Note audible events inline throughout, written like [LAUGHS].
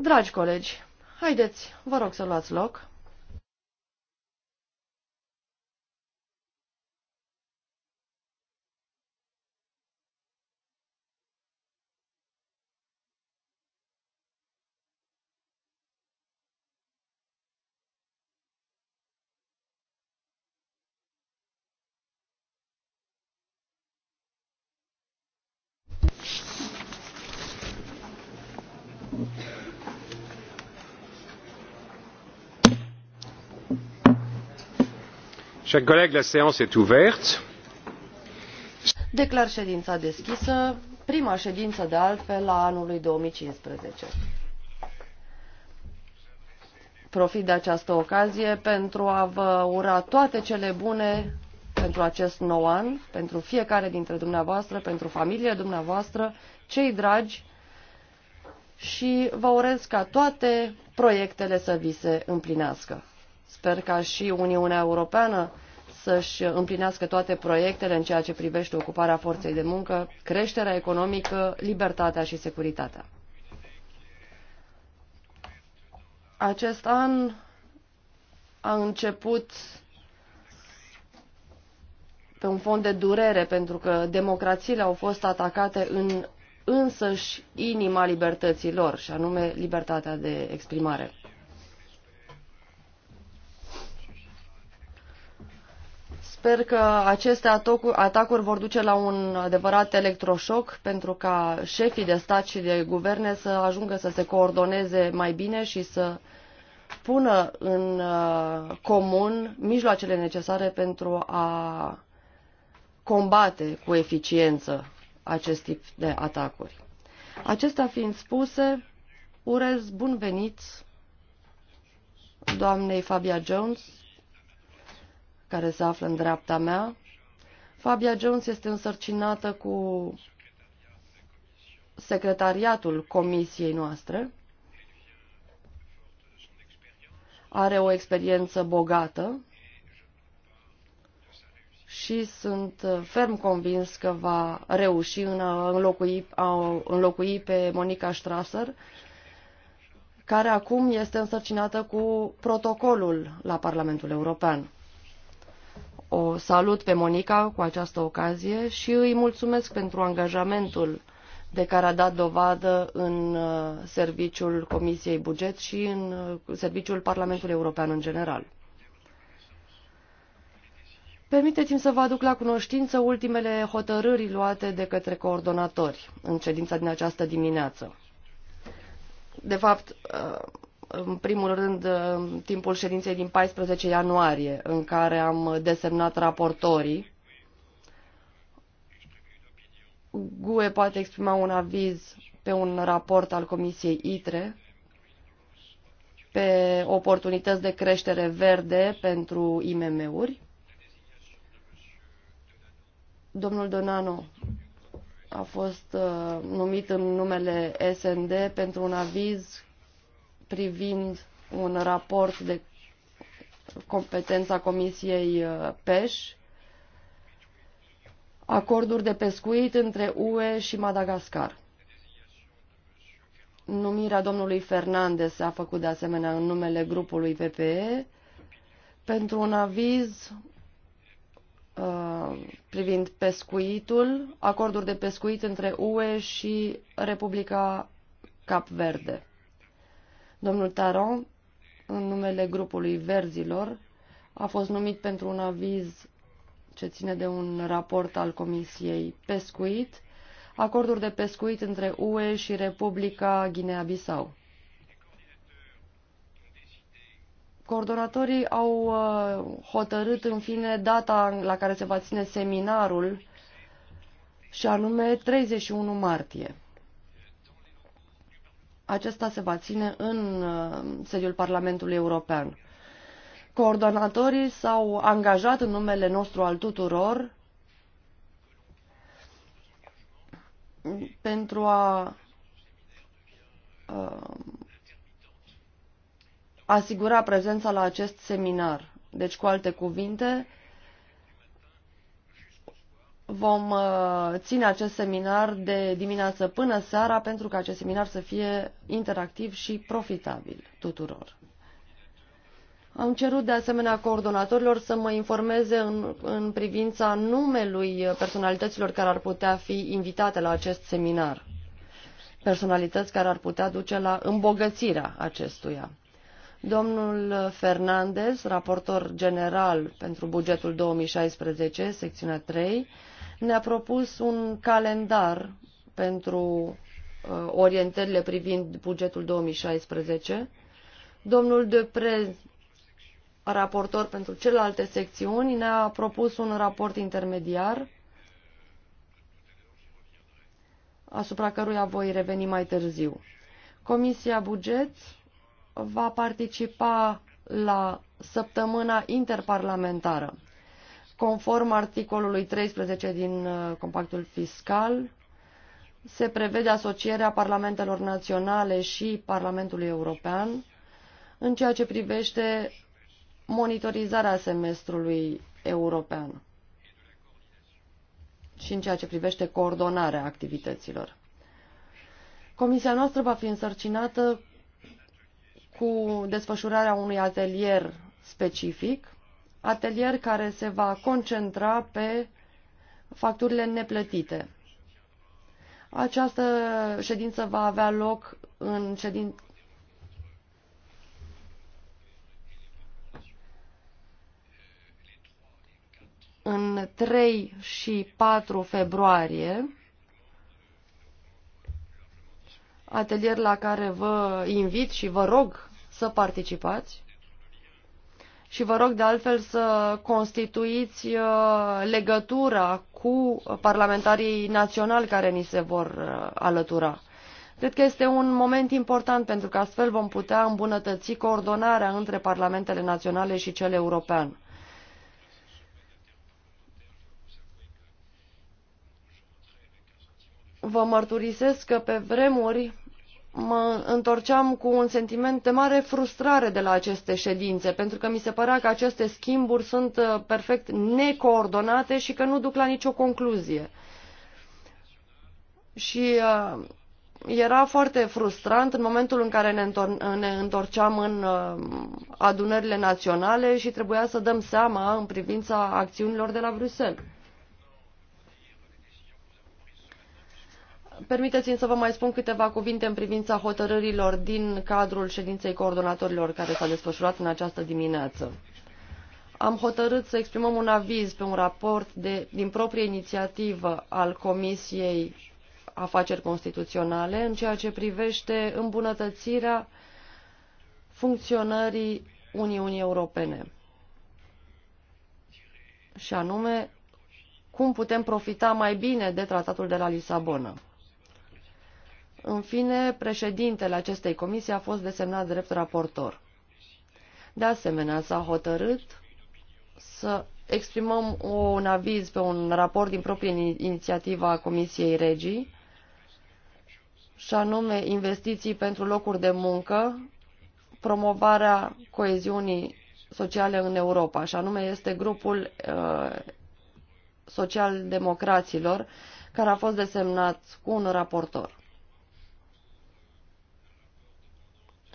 Dragi colegi, haideți, vă rog să luați loc. Chers collègues, la séance est ouverte. Declar ședința deschisă, prima ședință de altfel a anului 2015. Profit de această ocazie pentru a vă ura toate cele bune pentru acest nou an, pentru fiecare dintre dumneavoastră, pentru familiile dumneavoastră, cei dragi și vă urez ca toate proiectele să vi se împlinească. Sper ca și Uniunea Europeană să-și împlinească toate proiectele în ceea ce privește ocuparea forței de muncă, creșterea economică, libertatea și securitatea. Acest an a început pe un fond de durere, pentru că democrațiile au fost atacate în însăși inima libertății lor, și anume libertatea de exprimare. Sper că aceste atacuri vor duce la un adevărat electroșoc pentru ca șefii de stat și de guverne să ajungă să se coordoneze mai bine și să pună în uh, comun mijloacele necesare pentru a combate cu eficiență acest tip de atacuri. Acestea fiind spuse, urez bun venit doamnei Fabia Jones care se află în dreapta mea. Fabia Jones este însărcinată cu secretariatul comisiei noastre. Are o experiență bogată și sunt ferm convins că va reuși în a înlocui, a înlocui pe Monica Strasser, care acum este însărcinată cu protocolul la Parlamentul European o salut pe Monica cu această ocazie și îi mulțumesc pentru angajamentul de care a dat dovadă în uh, serviciul Comisiei Buget și în uh, serviciul Parlamentului European în general. Permiteți-mi să vă aduc la cunoștință ultimele hotărâri luate de către coordonatori în ședința din această dimineață. De fapt, uh, în primul rând, în timpul ședinței din 14 ianuarie, în care am desemnat raportorii. GUE poate exprima un aviz pe un raport al Comisiei ITRE pe oportunități de creștere verde pentru IMM-uri. Domnul Donano a fost uh, numit în numele SND pentru un aviz privind un raport de competența Comisiei uh, PES, acorduri de pescuit între UE și Madagascar. Numirea domnului Fernandez a făcut de asemenea în numele grupului PPE pentru un aviz uh, privind pescuitul, acorduri de pescuit între UE și Republica Cap Verde. Domnul Taron, în numele grupului Verzilor, a fost numit pentru un aviz ce ține de un raport al Comisiei Pescuit, acorduri de pescuit între UE și Republica Guinea-Bissau. Coordonatorii au uh, hotărât în fine data la care se va ține seminarul și anume 31 martie acesta se va ține în uh, sediul Parlamentului European. Coordonatorii s-au angajat în numele nostru al tuturor pentru a uh, asigura prezența la acest seminar. Deci, cu alte cuvinte, vom uh, ține acest seminar de dimineață până seara pentru ca acest seminar să fie interactiv și profitabil tuturor. Am cerut de asemenea coordonatorilor să mă informeze în, în privința numelui personalităților care ar putea fi invitate la acest seminar. Personalități care ar putea duce la îmbogățirea acestuia. Domnul Fernandez, raportor general pentru bugetul 2016, secțiunea 3, ne-a propus un calendar pentru uh, orientările privind bugetul 2016. Domnul Depre, raportor pentru celelalte secțiuni, ne-a propus un raport intermediar asupra căruia voi reveni mai târziu. Comisia Buget va participa la săptămâna interparlamentară Conform articolului 13 din uh, compactul fiscal, se prevede asocierea parlamentelor naționale și Parlamentului European în ceea ce privește monitorizarea semestrului european și în ceea ce privește coordonarea activităților. Comisia noastră va fi însărcinată cu desfășurarea unui atelier specific atelier care se va concentra pe facturile neplătite. Această ședință va avea loc în ședință. în 3 și 4 februarie, atelier la care vă invit și vă rog să participați și vă rog de altfel să constituiți uh, legătura cu parlamentarii naționali care ni se vor uh, alătura. Cred că este un moment important pentru că astfel vom putea îmbunătăți coordonarea între parlamentele naționale și cel european. Vă mărturisesc că pe vremuri mă întorceam cu un sentiment de mare frustrare de la aceste ședințe, pentru că mi se părea că aceste schimburi sunt uh, perfect necoordonate și că nu duc la nicio concluzie. Și uh, era foarte frustrant în momentul în care ne, întor- uh, ne întorceam în uh, adunările naționale și trebuia să dăm seama în privința acțiunilor de la Bruxelles. Permiteți-mi să vă mai spun câteva cuvinte în privința hotărârilor din cadrul ședinței coordonatorilor care s-a desfășurat în această dimineață. Am hotărât să exprimăm un aviz pe un raport de, din proprie inițiativă al Comisiei Afaceri Constituționale în ceea ce privește îmbunătățirea funcționării Uniunii Europene. Și anume, cum putem profita mai bine de tratatul de la Lisabona. În fine, președintele acestei comisii a fost desemnat drept raportor. De asemenea, s-a hotărât să exprimăm un aviz pe un raport din proprie inițiativă a Comisiei Regii, și anume investiții pentru locuri de muncă, promovarea coeziunii sociale în Europa, și anume este grupul uh, social-democraților care a fost desemnat cu un raportor.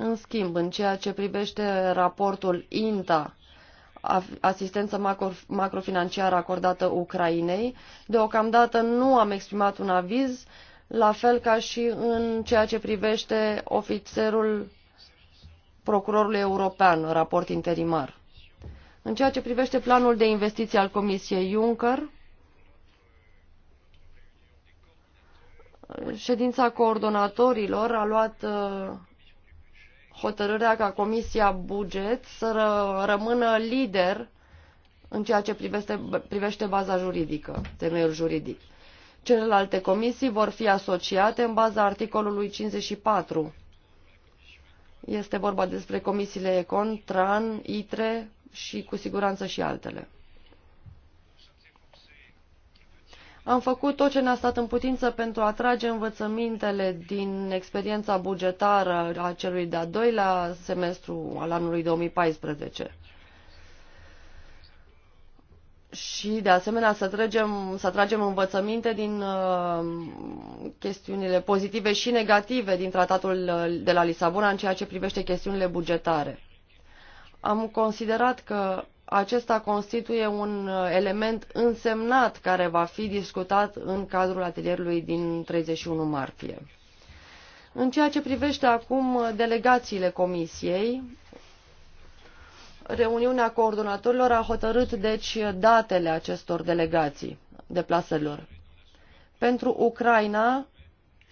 În schimb, în ceea ce privește raportul INTA, asistență macrofinanciară acordată Ucrainei, deocamdată nu am exprimat un aviz, la fel ca și în ceea ce privește ofițerul procurorului european, raport interimar. În ceea ce privește planul de investiții al Comisiei Juncker, ședința coordonatorilor a luat uh, hotărârea ca Comisia Buget să ră, rămână lider în ceea ce privește, privește baza juridică, temeiul juridic. Celelalte comisii vor fi asociate în baza articolului 54. Este vorba despre comisiile Econ, Tran, ITRE și cu siguranță și altele. Am făcut tot ce ne-a stat în putință pentru a trage învățămintele din experiența bugetară a celui de-a doilea semestru al anului 2014. Și, de asemenea, să tragem, să tragem învățăminte din uh, chestiunile pozitive și negative din tratatul uh, de la Lisabona în ceea ce privește chestiunile bugetare. Am considerat că acesta constituie un uh, element însemnat care va fi discutat în cadrul atelierului din 31 martie. În ceea ce privește acum uh, delegațiile Comisiei, reuniunea coordonatorilor a hotărât deci datele acestor delegații deplasărilor. Pentru Ucraina,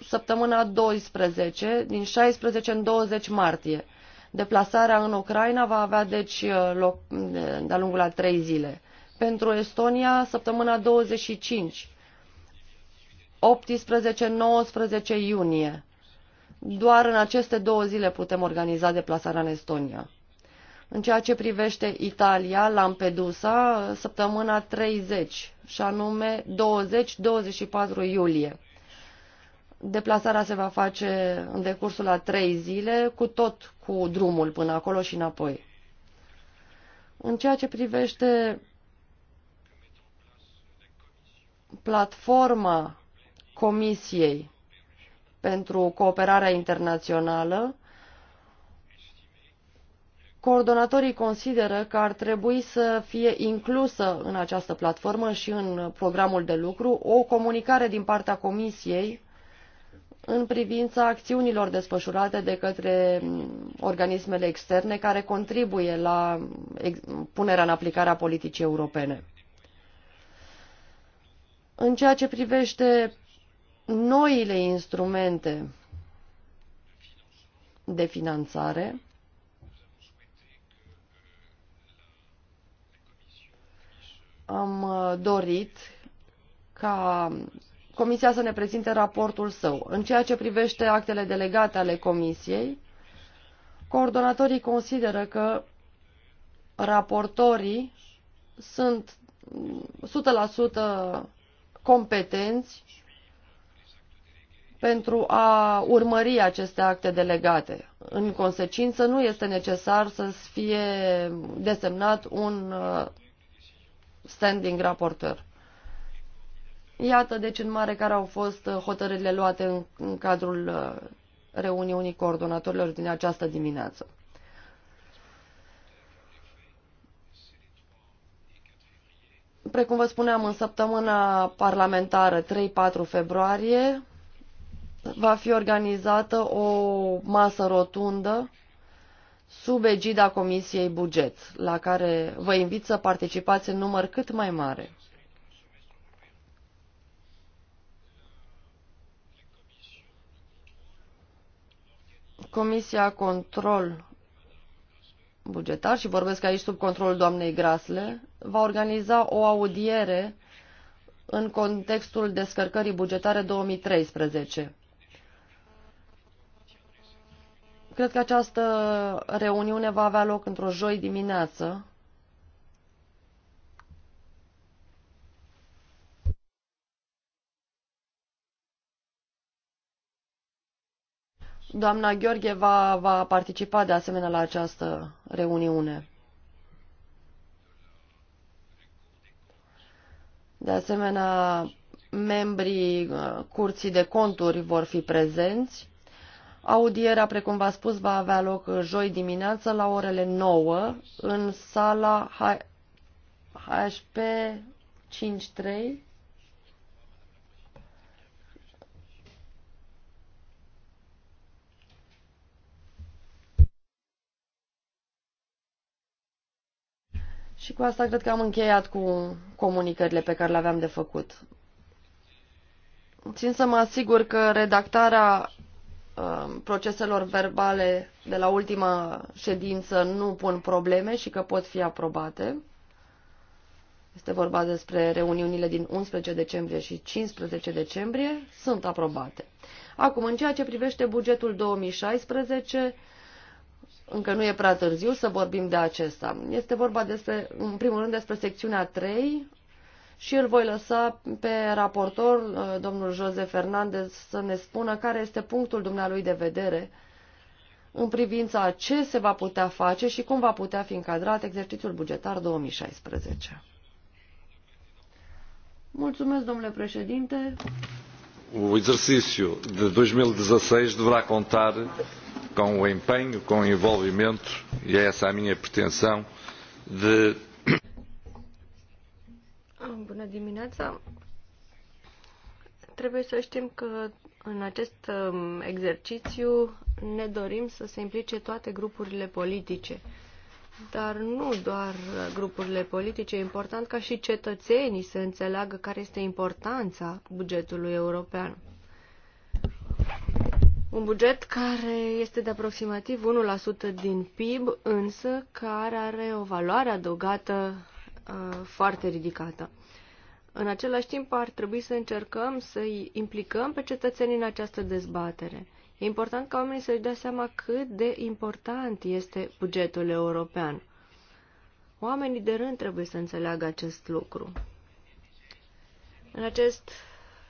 săptămâna 12, din 16 în 20 martie, Deplasarea în Ucraina va avea deci uh, loc uh, de-a lungul a trei zile. Pentru Estonia, săptămâna 25, 18-19 iunie. Doar în aceste două zile putem organiza deplasarea în Estonia. În ceea ce privește Italia, Lampedusa, săptămâna 30, și anume 20-24 iulie. Deplasarea se va face în decursul a trei zile, cu tot cu drumul până acolo și înapoi. În ceea ce privește platforma Comisiei pentru Cooperarea Internațională, coordonatorii consideră că ar trebui să fie inclusă în această platformă și în programul de lucru o comunicare din partea Comisiei în privința acțiunilor desfășurate de către organismele externe care contribuie la punerea în aplicare a politicii europene. În ceea ce privește noile instrumente de finanțare, am uh, dorit ca Comisia să ne prezinte raportul său. În ceea ce privește actele delegate ale Comisiei, coordonatorii consideră că raportorii sunt 100% competenți pentru a urmări aceste acte delegate. În consecință, nu este necesar să fie desemnat un uh, standing raportor. Iată deci în mare care au fost uh, hotărârile luate în, în cadrul uh, reuniunii coordonatorilor din această dimineață. Precum vă spuneam, în săptămâna parlamentară 3-4 februarie va fi organizată o masă rotundă sub egida Comisiei Buget, la care vă invit să participați în număr cât mai mare. Comisia Control Bugetar, și vorbesc aici sub controlul doamnei Grasle, va organiza o audiere în contextul descărcării bugetare 2013. Cred că această reuniune va avea loc într-o joi dimineață, Doamna Gheorghe va, va participa de asemenea la această reuniune. De asemenea, membrii uh, Curții de Conturi vor fi prezenți. Audierea, precum v-a spus, va avea loc uh, joi dimineață la orele 9 în sala HP 53 Și cu asta cred că am încheiat cu comunicările pe care le aveam de făcut. Țin să mă asigur că redactarea uh, proceselor verbale de la ultima ședință nu pun probleme și că pot fi aprobate. Este vorba despre reuniunile din 11 decembrie și 15 decembrie, sunt aprobate. Acum, în ceea ce privește bugetul 2016, încă nu e prea târziu să vorbim de acesta. Este vorba despre, în primul rând despre secțiunea 3 și îl voi lăsa pe raportor, uh, domnul Jose Fernandez, să ne spună care este punctul dumnealui de vedere în privința ce se va putea face și cum va putea fi încadrat exercițiul bugetar 2016. Mulțumesc, domnule președinte. O exercițiu de 2016 deverá contar com o empenho, com o envolvimento, e é essa a minha pretensão, de. Ah, bună dimineața! Trebuie să știm că în acest um, exercițiu ne dorim să se implice toate grupurile politice. Dar nu doar grupurile politice, e important ca și cetățenii să înțeleagă care este importanța bugetului european. Un buget care este de aproximativ 1% din PIB, însă care are o valoare adăugată uh, foarte ridicată. În același timp, ar trebui să încercăm să-i implicăm pe cetățenii în această dezbatere. E important ca oamenii să-și dea seama cât de important este bugetul european. Oamenii de rând trebuie să înțeleagă acest lucru. În acest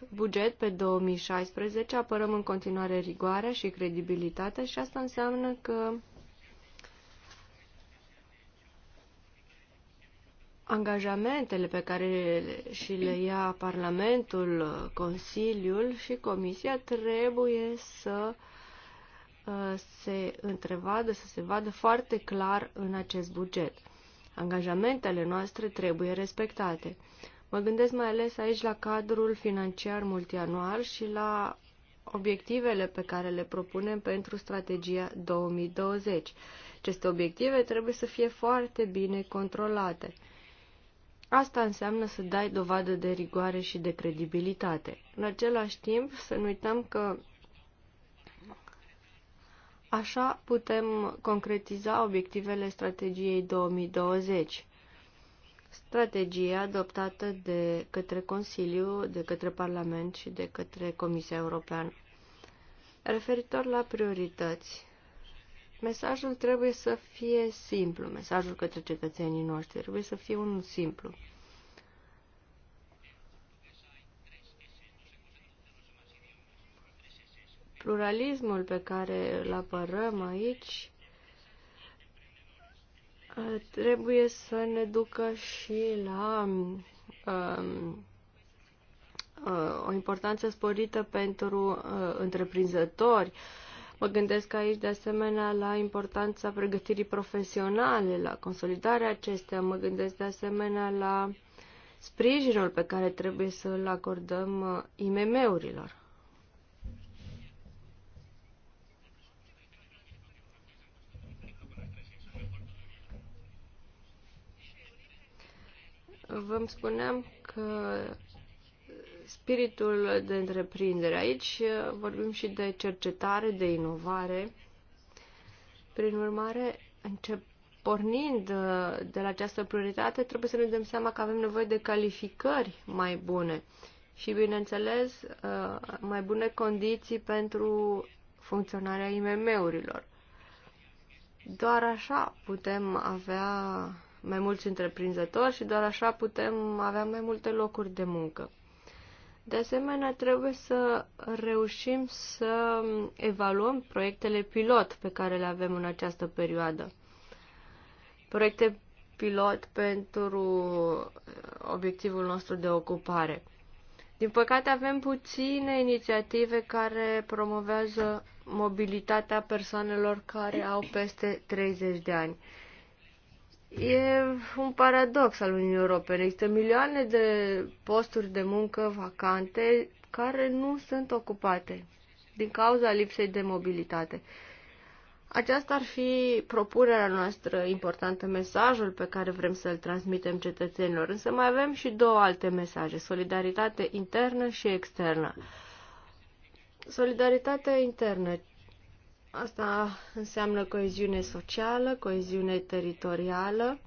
buget pe 2016, apărăm în continuare rigoarea și credibilitatea și asta înseamnă că angajamentele pe care și le ia Parlamentul, Consiliul și Comisia trebuie să uh, se întrevadă, să se vadă foarte clar în acest buget. Angajamentele noastre trebuie respectate. Mă gândesc mai ales aici la cadrul financiar multianual și la obiectivele pe care le propunem pentru strategia 2020. Aceste obiective trebuie să fie foarte bine controlate. Asta înseamnă să dai dovadă de rigoare și de credibilitate. În același timp, să nu uităm că așa putem concretiza obiectivele strategiei 2020 strategie adoptată de către Consiliu, de către Parlament și de către Comisia Europeană. Referitor la priorități, mesajul trebuie să fie simplu, mesajul către cetățenii noștri trebuie să fie unul simplu. Pluralismul pe care îl apărăm aici trebuie să ne ducă și la um, um uh, o importanță sporită pentru uh, întreprinzători. Mă gândesc aici de asemenea la importanța pregătirii profesionale, la consolidarea acestea, mă gândesc de asemenea la sprijinul pe care trebuie să-l acordăm uh, IMM-urilor. vă spuneam că spiritul de întreprindere aici vorbim și de cercetare, de inovare. Prin urmare, încep pornind uh, de la această prioritate, trebuie să ne dăm seama că avem nevoie de calificări mai bune și, bineînțeles, uh, mai bune condiții pentru funcționarea IMM-urilor. Doar așa putem avea mai mulți întreprinzători și doar așa putem avea mai multe locuri de muncă. De asemenea, trebuie să reușim să evaluăm proiectele pilot pe care le avem în această perioadă. Proiecte pilot pentru uh, obiectivul nostru de ocupare. Din păcate avem puține inițiative care promovează mobilitatea persoanelor care au peste 30 de ani. E un paradox al Uniunii Europene. Există milioane de posturi de muncă vacante care nu sunt ocupate din cauza lipsei de mobilitate. Aceasta ar fi propunerea noastră importantă, mesajul pe care vrem să-l transmitem cetățenilor. Însă mai avem și două alte mesaje, solidaritate internă și externă. Solidaritatea internă. Asta înseamnă coeziune socială, coeziune teritorială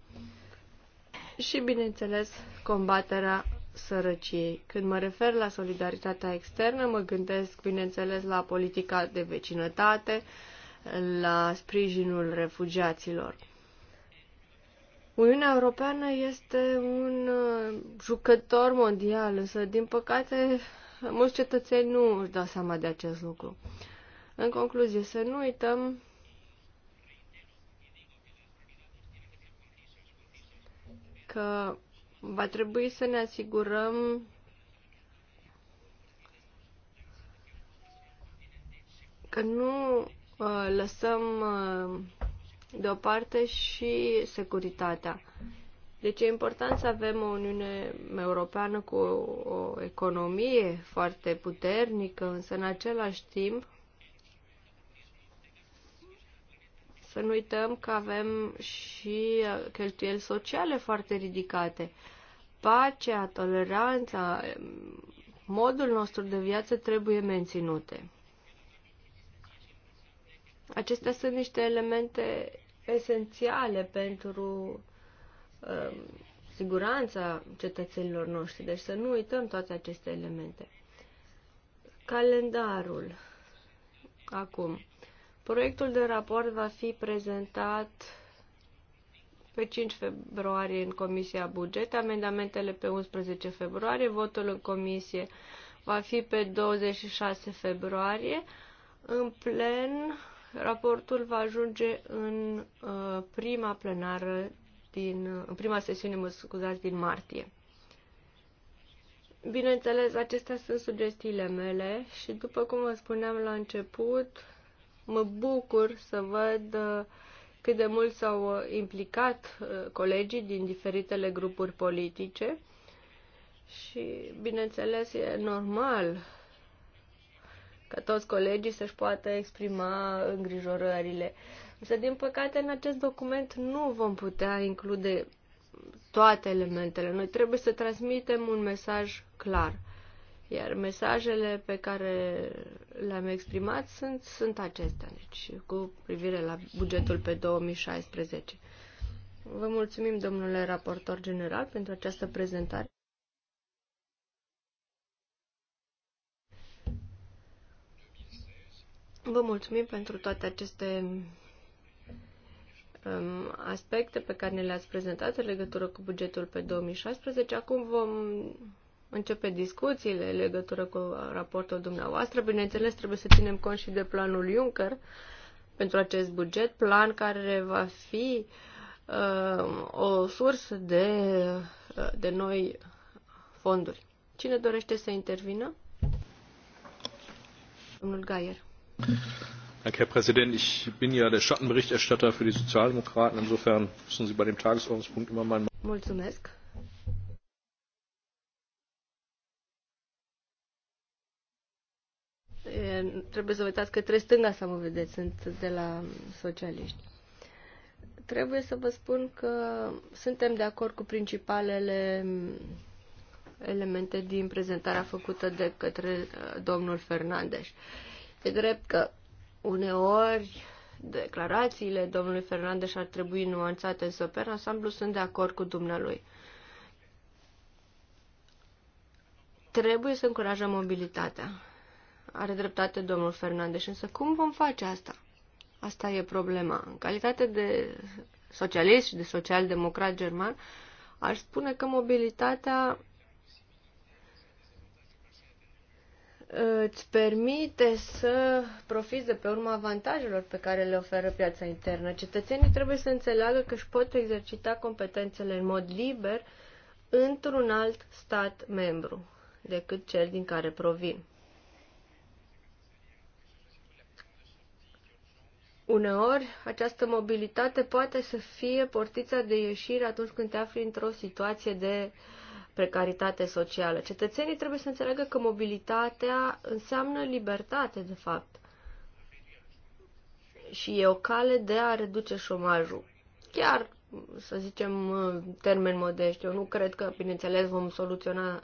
și, bineînțeles, combaterea sărăciei. Când mă refer la solidaritatea externă, mă gândesc, bineînțeles, la politica de vecinătate, la sprijinul refugiaților. Uniunea Europeană este un uh, jucător mondial, însă, din păcate, mulți cetățeni nu își dau seama de acest lucru. În concluzie, să nu uităm că va trebui să ne asigurăm că nu uh, lăsăm uh, deoparte și securitatea. Deci e important să avem o Uniune Europeană cu o, o economie foarte puternică, însă în același timp Să nu uităm că avem și uh, cheltuieli sociale foarte ridicate. Pacea, toleranța, um, modul nostru de viață trebuie menținute. Acestea sunt niște elemente esențiale pentru um, siguranța cetățenilor noștri, deci să nu uităm toate aceste elemente. Calendarul. Acum, Proiectul de raport va fi prezentat pe 5 februarie în Comisia Buget, amendamentele pe 11 februarie, votul în comisie va fi pe 26 februarie. În plen, raportul va ajunge în uh, prima plenară din, uh, în prima sesiune, mă scuzați, din martie. Bineînțeles, acestea sunt sugestiile mele și după cum vă spuneam la început, Mă bucur să văd uh, cât de mult s-au uh, implicat uh, colegii din diferitele grupuri politice și, bineînțeles, e normal ca toți colegii să-și poată exprima îngrijorările. Însă, din păcate, în acest document nu vom putea include toate elementele. Noi trebuie să transmitem un mesaj clar. Iar mesajele pe care le-am exprimat sunt, sunt acestea, deci cu privire la bugetul pe 2016. Vă mulțumim, domnule raportor general, pentru această prezentare. Vă mulțumim pentru toate aceste um, aspecte pe care ne le-ați prezentat în legătură cu bugetul pe 2016. Acum vom începe discuțiile în legătură cu raportul dumneavoastră. Bineînțeles, trebuie să ținem cont și de planul Juncker pentru acest buget, plan care va fi uh, o sursă de, uh, de noi fonduri. Cine dorește să intervină? Domnul Gaier. Herr Präsident, ich bin ja der Schattenberichterstatter für die Sozialdemokraten. Insofern müssen Sie bei dem Tagesordnungspunkt immer mal. Mulțumesc. trebuie să vă uitați către stânga să mă vedeți, sunt de la socialiști. Trebuie să vă spun că suntem de acord cu principalele elemente din prezentarea făcută de către uh, domnul Fernandez. E drept că uneori declarațiile domnului Fernandez ar trebui nuanțate, însă pe ansamblu sunt de acord cu dumnealui. Trebuie să încurajăm mobilitatea. Are dreptate domnul Fernandes, însă cum vom face asta? Asta e problema. În calitate de socialist și de social-democrat german, aș spune că mobilitatea îți permite să profiți de pe urma avantajelor pe care le oferă piața internă. Cetățenii trebuie să înțeleagă că își pot exercita competențele în mod liber într-un alt stat membru decât cel din care provin. Uneori, această mobilitate poate să fie portița de ieșire atunci când te afli într-o situație de precaritate socială. Cetățenii trebuie să înțeleagă că mobilitatea înseamnă libertate, de fapt. Și e o cale de a reduce șomajul. Chiar, să zicem, termen modești. Eu nu cred că, bineînțeles, vom soluționa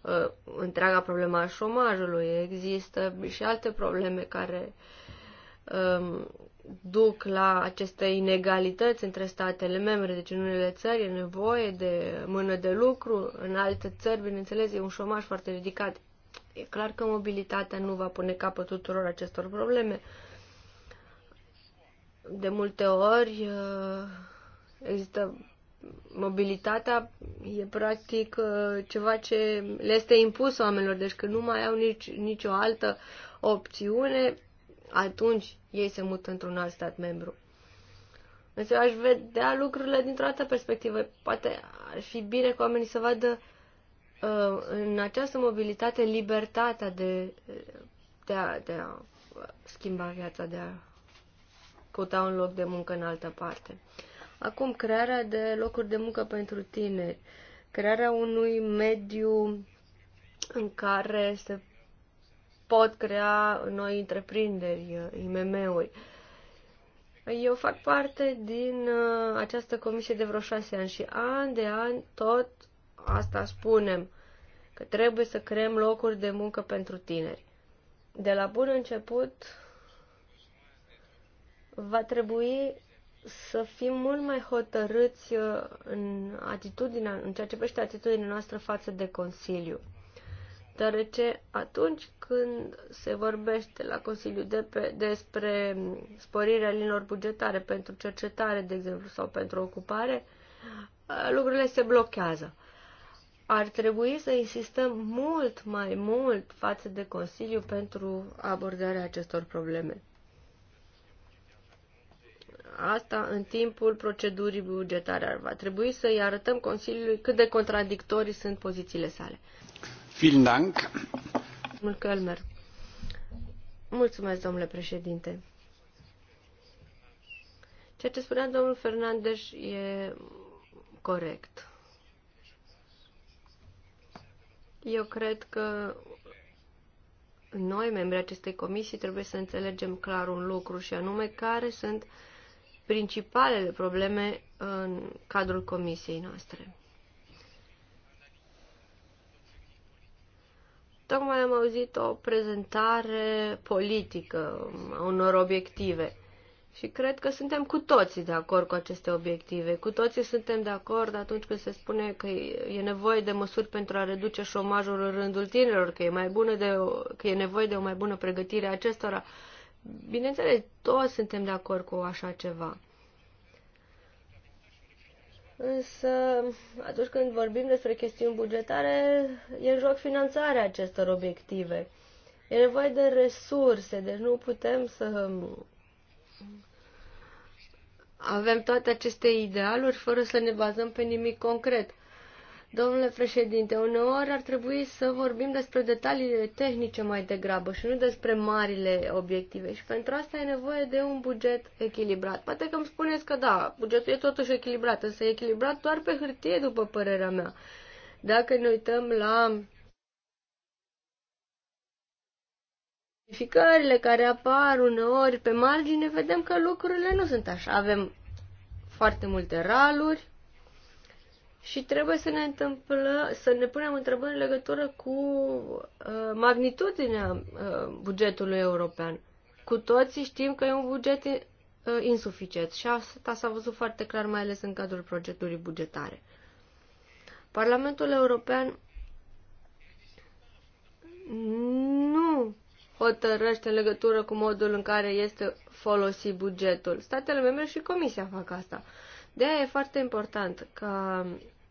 uh, întreaga problema șomajului. Există și alte probleme care uh, Um, duc la aceste inegalități între statele membre. Deci în unele țări e nevoie de mână de lucru, în alte țări, bineînțeles, e un șomaj foarte ridicat. E clar că mobilitatea nu va pune capăt tuturor acestor probleme. De multe ori uh, există mobilitatea e practic uh, ceva ce le este impus oamenilor, deci că nu mai au nici, nicio altă opțiune, atunci ei se mută într-un alt stat membru. Însă aș vedea lucrurile dintr-o altă perspectivă. Poate ar fi bine ca oamenii să vadă uh, în această mobilitate libertatea de, de, a, de a schimba viața, de a căuta un loc de muncă în altă parte. Acum, crearea de locuri de muncă pentru tineri, crearea unui mediu în care se pot crea noi întreprinderi, uh, IMM-uri. Eu fac parte din uh, această comisie de vreo șase ani și an de an tot asta spunem, că trebuie să creăm locuri de muncă pentru tineri. De la bun început va trebui să fim mult mai hotărâți uh, în, atitudinea, în ceea ce privește atitudinea noastră față de Consiliu. Deoarece atunci când se vorbește la Consiliu de pe, despre sporirea linilor bugetare pentru cercetare, de exemplu, sau pentru ocupare, eh, lucrurile se blochează. Ar trebui să insistăm mult mai mult față de Consiliu pentru abordarea acestor probleme. Asta în timpul procedurii bugetare. Va trebui să-i arătăm Consiliului cât de contradictorii sunt pozițiile sale. Vielen Dank. Kölmer. Mulțumesc, domnule președinte. Ceea ce spunea domnul Fernandez e corect. Eu cred că noi, membrii acestei comisii, trebuie să înțelegem clar un lucru și anume care sunt principalele probleme în cadrul comisiei noastre. Tocmai am auzit o prezentare politică a unor obiective și cred că suntem cu toții de acord cu aceste obiective. Cu toții suntem de acord atunci când se spune că e nevoie de măsuri pentru a reduce șomajul în rândul tinerilor, că e, mai bună de, că e nevoie de o mai bună pregătire a acestora. Bineînțeles, toți suntem de acord cu așa ceva. Însă, atunci când vorbim despre chestiuni bugetare, e în joc finanțarea acestor obiective. E nevoie de resurse, deci nu putem să avem toate aceste idealuri fără să ne bazăm pe nimic concret. Domnule președinte, uneori ar trebui să vorbim despre detaliile tehnice mai degrabă și nu despre marile obiective. Și pentru asta e nevoie de un buget echilibrat. Poate că îmi spuneți că da, bugetul e totuși echilibrat, însă e echilibrat doar pe hârtie, după părerea mea. Dacă ne uităm la modificările care apar uneori pe margine, vedem că lucrurile nu sunt așa. Avem foarte multe raluri, și trebuie să ne, întâmplă, să ne punem întrebări în legătură cu uh, magnitudinea uh, bugetului european. Cu toții știm că e un buget uh, insuficient și asta s-a văzut foarte clar, mai ales în cadrul procedurii bugetare. Parlamentul European nu hotărăște în legătură cu modul în care este folosit bugetul. Statele membre și Comisia fac asta. De aia e foarte important ca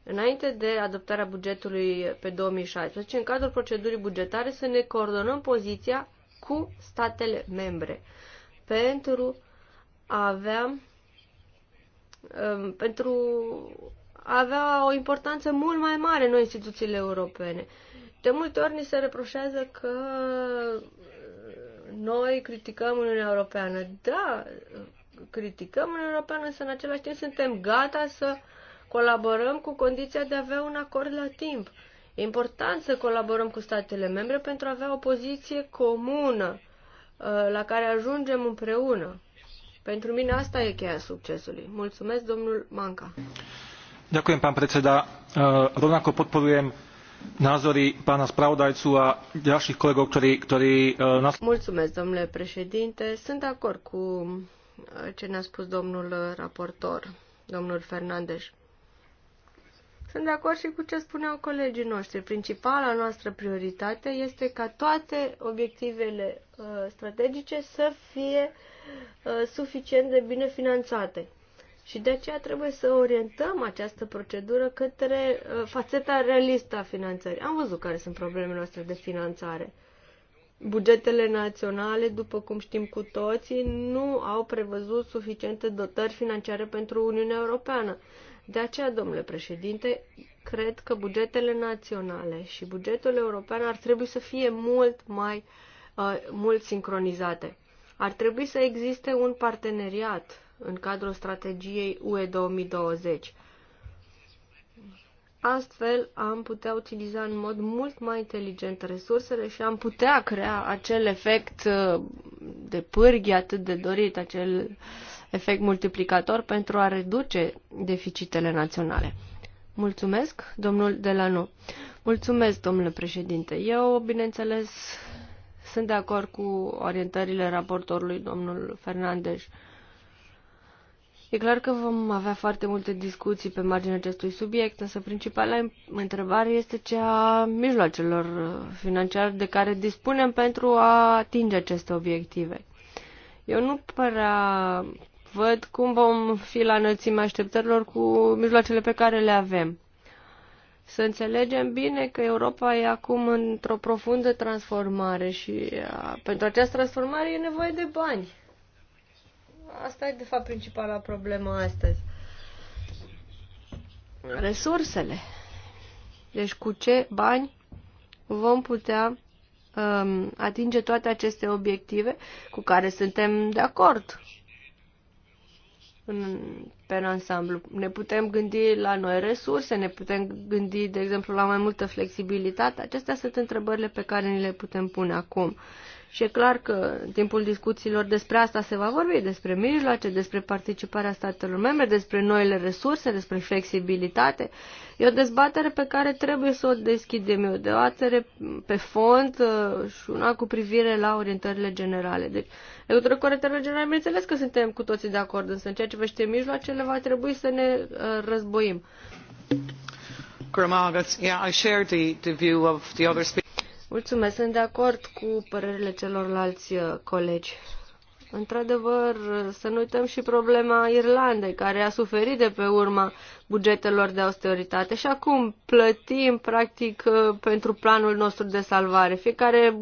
Înainte de adoptarea bugetului pe 2016, în cadrul procedurii bugetare, să ne coordonăm poziția cu statele membre pentru a avea um, pentru a avea o importanță mult mai mare noi instituțiile europene. De multe ori ni se reproșează că noi criticăm Uniunea Europeană. Da, criticăm Uniunea Europeană, însă în același timp suntem gata să uh, Colaborăm cu condiția de a avea un acord la timp. E important să colaborăm cu statele membre pentru a avea o poziție comună uh, la care ajungem împreună. Pentru mine asta e cheia succesului. Mulțumesc, domnul Manca. Ďakujem, pán predseda. Uh, rovnako podporujem názory pána spravodajcu a ďalších kolegov, ktorí... ktorí uh, nás... Mulțumesc, domnule președinte. Sunt de acord cu ce ne-a spus domnul raportor, domnul Fernandes. Sunt de acord și cu ce spuneau colegii noștri. Principala noastră prioritate este ca toate obiectivele uh, strategice să fie uh, suficient de bine finanțate. Și de aceea trebuie să orientăm această procedură către uh, fațeta realistă a finanțării. Am văzut care sunt problemele noastre de finanțare. Bugetele naționale, după cum știm cu toții, nu au prevăzut suficiente dotări financiare pentru Uniunea Europeană. De aceea, domnule președinte, cred că bugetele naționale și bugetul european ar trebui să fie mult mai uh, mult sincronizate. Ar trebui să existe un parteneriat în cadrul strategiei UE 2020. Astfel am putea utiliza în mod mult mai inteligent resursele și am putea crea acel efect uh, de pârghi atât de dorit, acel uh, efect multiplicator pentru a reduce deficitele naționale. Mulțumesc, domnul Delano. Mulțumesc, domnule președinte. Eu, bineînțeles, sunt de acord cu orientările raportorului, domnul Fernandez. E clar că vom avea foarte multe discuții pe marginea acestui subiect, însă principala întrebare este cea a mijloacelor financiare de care dispunem pentru a atinge aceste obiective. Eu nu prea văd cum vom fi la înălțimea așteptărilor cu mijloacele pe care le avem. Să înțelegem bine că Europa e acum într-o profundă transformare și a, pentru această transformare e nevoie de bani. Asta e, de fapt, principala problemă astăzi. Resursele. Deci cu ce bani vom putea um, atinge toate aceste obiective cu care suntem de acord în, pe ansamblu. Ne putem gândi la noi resurse, ne putem gândi, de exemplu, la mai multă flexibilitate. Acestea sunt întrebările pe care ni le putem pune acum. Și e clar că în timpul discuțiilor despre asta se va vorbi, despre mijloace, despre participarea statelor membre, despre noile resurse, despre flexibilitate. E o dezbatere pe care trebuie să o deschidem, e o dezbatere pe fond uh, și una cu privire la orientările generale. Deci, legătură cu orientările generale, bineînțeles că suntem cu toții de acord, însă în ceea ce vește mijloacele va trebui să ne uh, războim. Grimaldi, yeah, I share the, the view of the other speakers. Mulțumesc, sunt de acord cu părerile celorlalți uh, colegi. Într-adevăr, uh, să nu uităm și problema Irlandei, care a suferit de pe urma bugetelor de austeritate și acum plătim, practic, uh, pentru planul nostru de salvare. Fiecare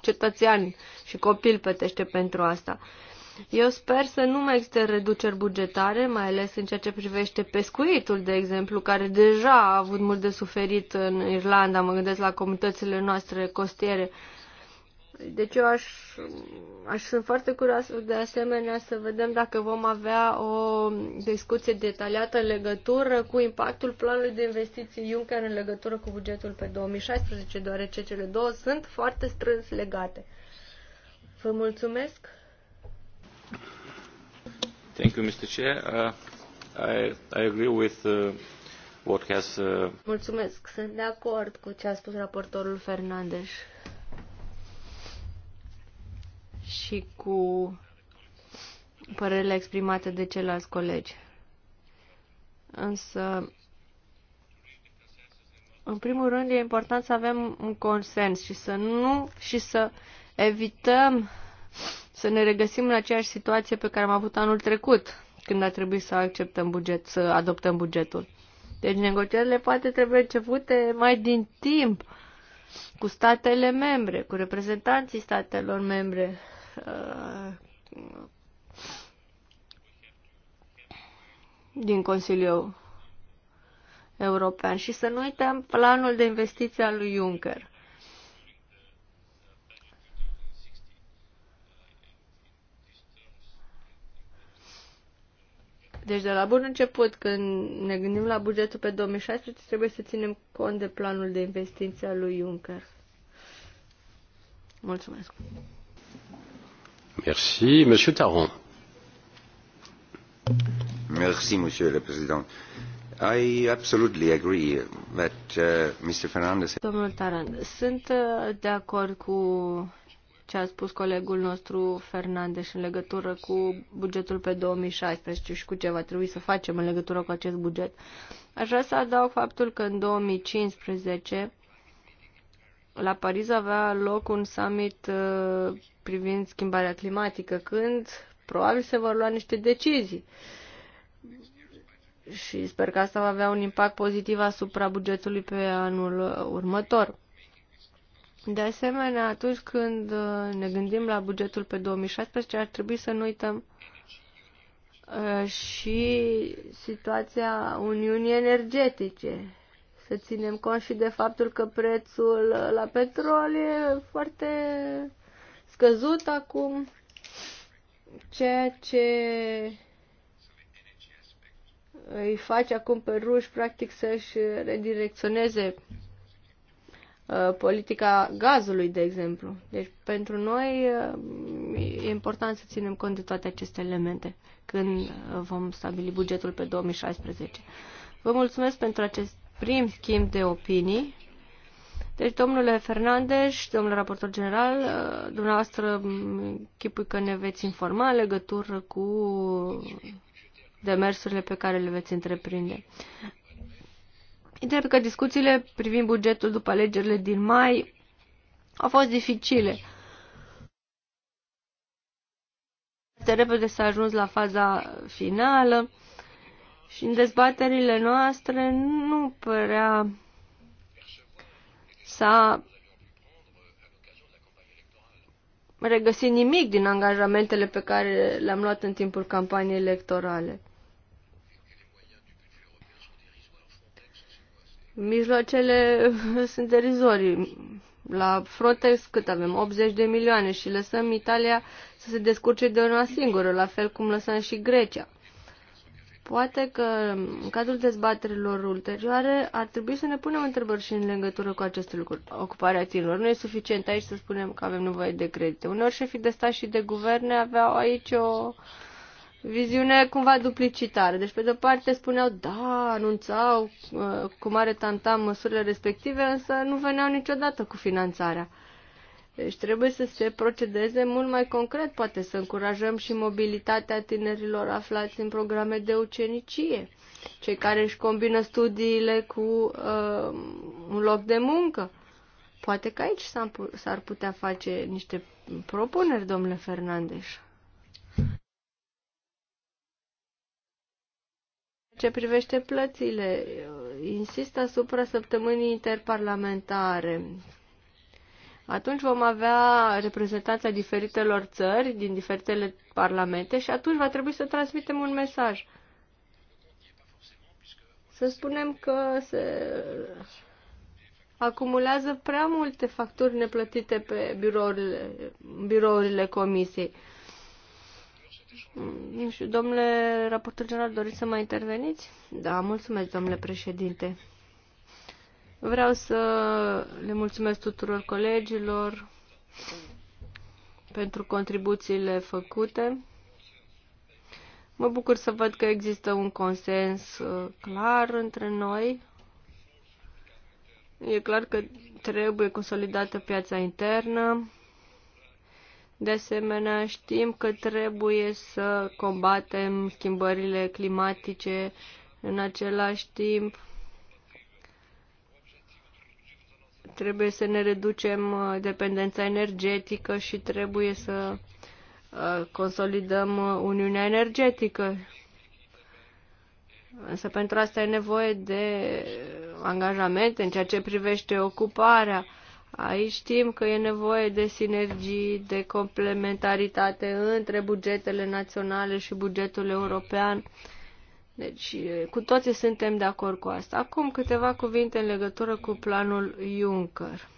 cetățean și copil plătește pentru asta. Eu sper să nu mai existe reduceri bugetare, mai ales în ceea ce privește pescuitul, de exemplu, care deja a avut mult de suferit în Irlanda, mă gândesc la comunitățile noastre costiere. Deci eu aș, aș sunt foarte curioasă de asemenea să vedem dacă vom avea o discuție detaliată în legătură cu impactul planului de investiții Juncker în legătură cu bugetul pe 2016, deoarece cele două sunt foarte strâns legate. Vă mulțumesc! Mulțumesc. Sunt de acord cu ce a spus raportorul Fernandez și cu părerile exprimate de ceilalți colegi. Însă, în primul rând, e important să avem un consens și să nu și să evităm uh, să ne regăsim în aceeași situație pe care am avut anul trecut, când a trebuit să acceptăm buget, să adoptăm bugetul. Deci negocierile poate trebuie începute mai din timp cu statele membre, cu reprezentanții statelor membre. Uh, din Consiliul European și să nu uităm planul de investiție al lui Juncker. Deci de la bun început, când ne gândim la bugetul pe 2016, trebuie să ținem cont de planul de investiție al lui Juncker. Mulțumesc. Merci, Monsieur Taron. Merci, Monsieur le Président. I absolutely agree that uh, Mr. Fernandez. Domnul Taran, sunt uh, de acord cu ce a spus colegul nostru Fernandez în legătură cu bugetul pe 2016 și cu ce va trebui să facem în legătură cu acest buget. Aș vrea să adaug faptul că în 2015 la Paris avea loc un summit uh, privind schimbarea climatică, când probabil se vor lua niște decizii. Și sper că asta va avea un impact pozitiv asupra bugetului pe anul următor. De asemenea, atunci când uh, ne gândim la bugetul pe 2016, ar trebui să nu uităm uh, și situația Uniunii Energetice. Să ținem cont și de faptul că prețul uh, la petrol e foarte scăzut acum, ceea ce îi face acum pe ruși practic să-și redirecționeze Uh, politica gazului, de exemplu. Deci, pentru noi uh, e important să ținem cont de toate aceste elemente când uh, vom stabili bugetul pe 2016. Vă mulțumesc pentru acest prim schimb de opinii. Deci, domnule Fernandez, domnule raportor general, dumneavoastră chipui că ne veți informa în legătură cu demersurile pe care le veți întreprinde drept că discuțiile privind bugetul după alegerile din mai au fost dificile. Foarte repede s-a ajuns la faza finală și în dezbaterile noastre nu părea s-a regăsit nimic din angajamentele pe care le-am luat în timpul campaniei electorale. Mijloacele [LAUGHS] sunt derizorii. La Frontex cât avem? 80 de milioane și lăsăm Italia să se descurce de una singură, la fel cum lăsăm și Grecia. Poate că în cadrul dezbaterilor ulterioare ar trebui să ne punem întrebări și în legătură cu aceste lucruri. Ocuparea ținilor. Nu e suficient aici să spunem că avem nevoie de credite. Uneori șefii de stat și de guverne aveau aici o viziune cumva duplicitară. Deci, pe de-o parte spuneau, da, anunțau uh, cu mare tantam măsurile respective, însă nu veneau niciodată cu finanțarea. Deci trebuie să se procedeze mult mai concret, poate să încurajăm și mobilitatea tinerilor aflați în programe de ucenicie, cei care își combină studiile cu uh, un loc de muncă. Poate că aici s-ar putea face niște propuneri, domnule Fernandes. Ce privește plățile, uh, insist asupra săptămânii interparlamentare. Atunci vom avea reprezentanța diferitelor țări din diferitele parlamente și atunci va trebui să transmitem un mesaj. Să spunem că se acumulează prea multe facturi neplătite pe birourile, birourile comisiei. Nu știu, domnule raportor general, doriți să mai interveniți? Da, mulțumesc, domnule președinte. Vreau să le mulțumesc tuturor colegilor pentru contribuțiile făcute. Mă bucur să văd că există un consens uh, clar între noi. E clar că trebuie consolidată piața internă, de asemenea, știm că trebuie să combatem schimbările climatice, în același timp trebuie să ne reducem uh, dependența energetică și trebuie să uh, consolidăm uh, Uniunea Energetică. Însă pentru asta e nevoie de angajamente în ceea ce privește ocuparea Aici știm că e nevoie de sinergii, de complementaritate între bugetele naționale și bugetul european. Deci, cu toții suntem de acord cu asta. Acum câteva cuvinte în legătură cu planul Juncker.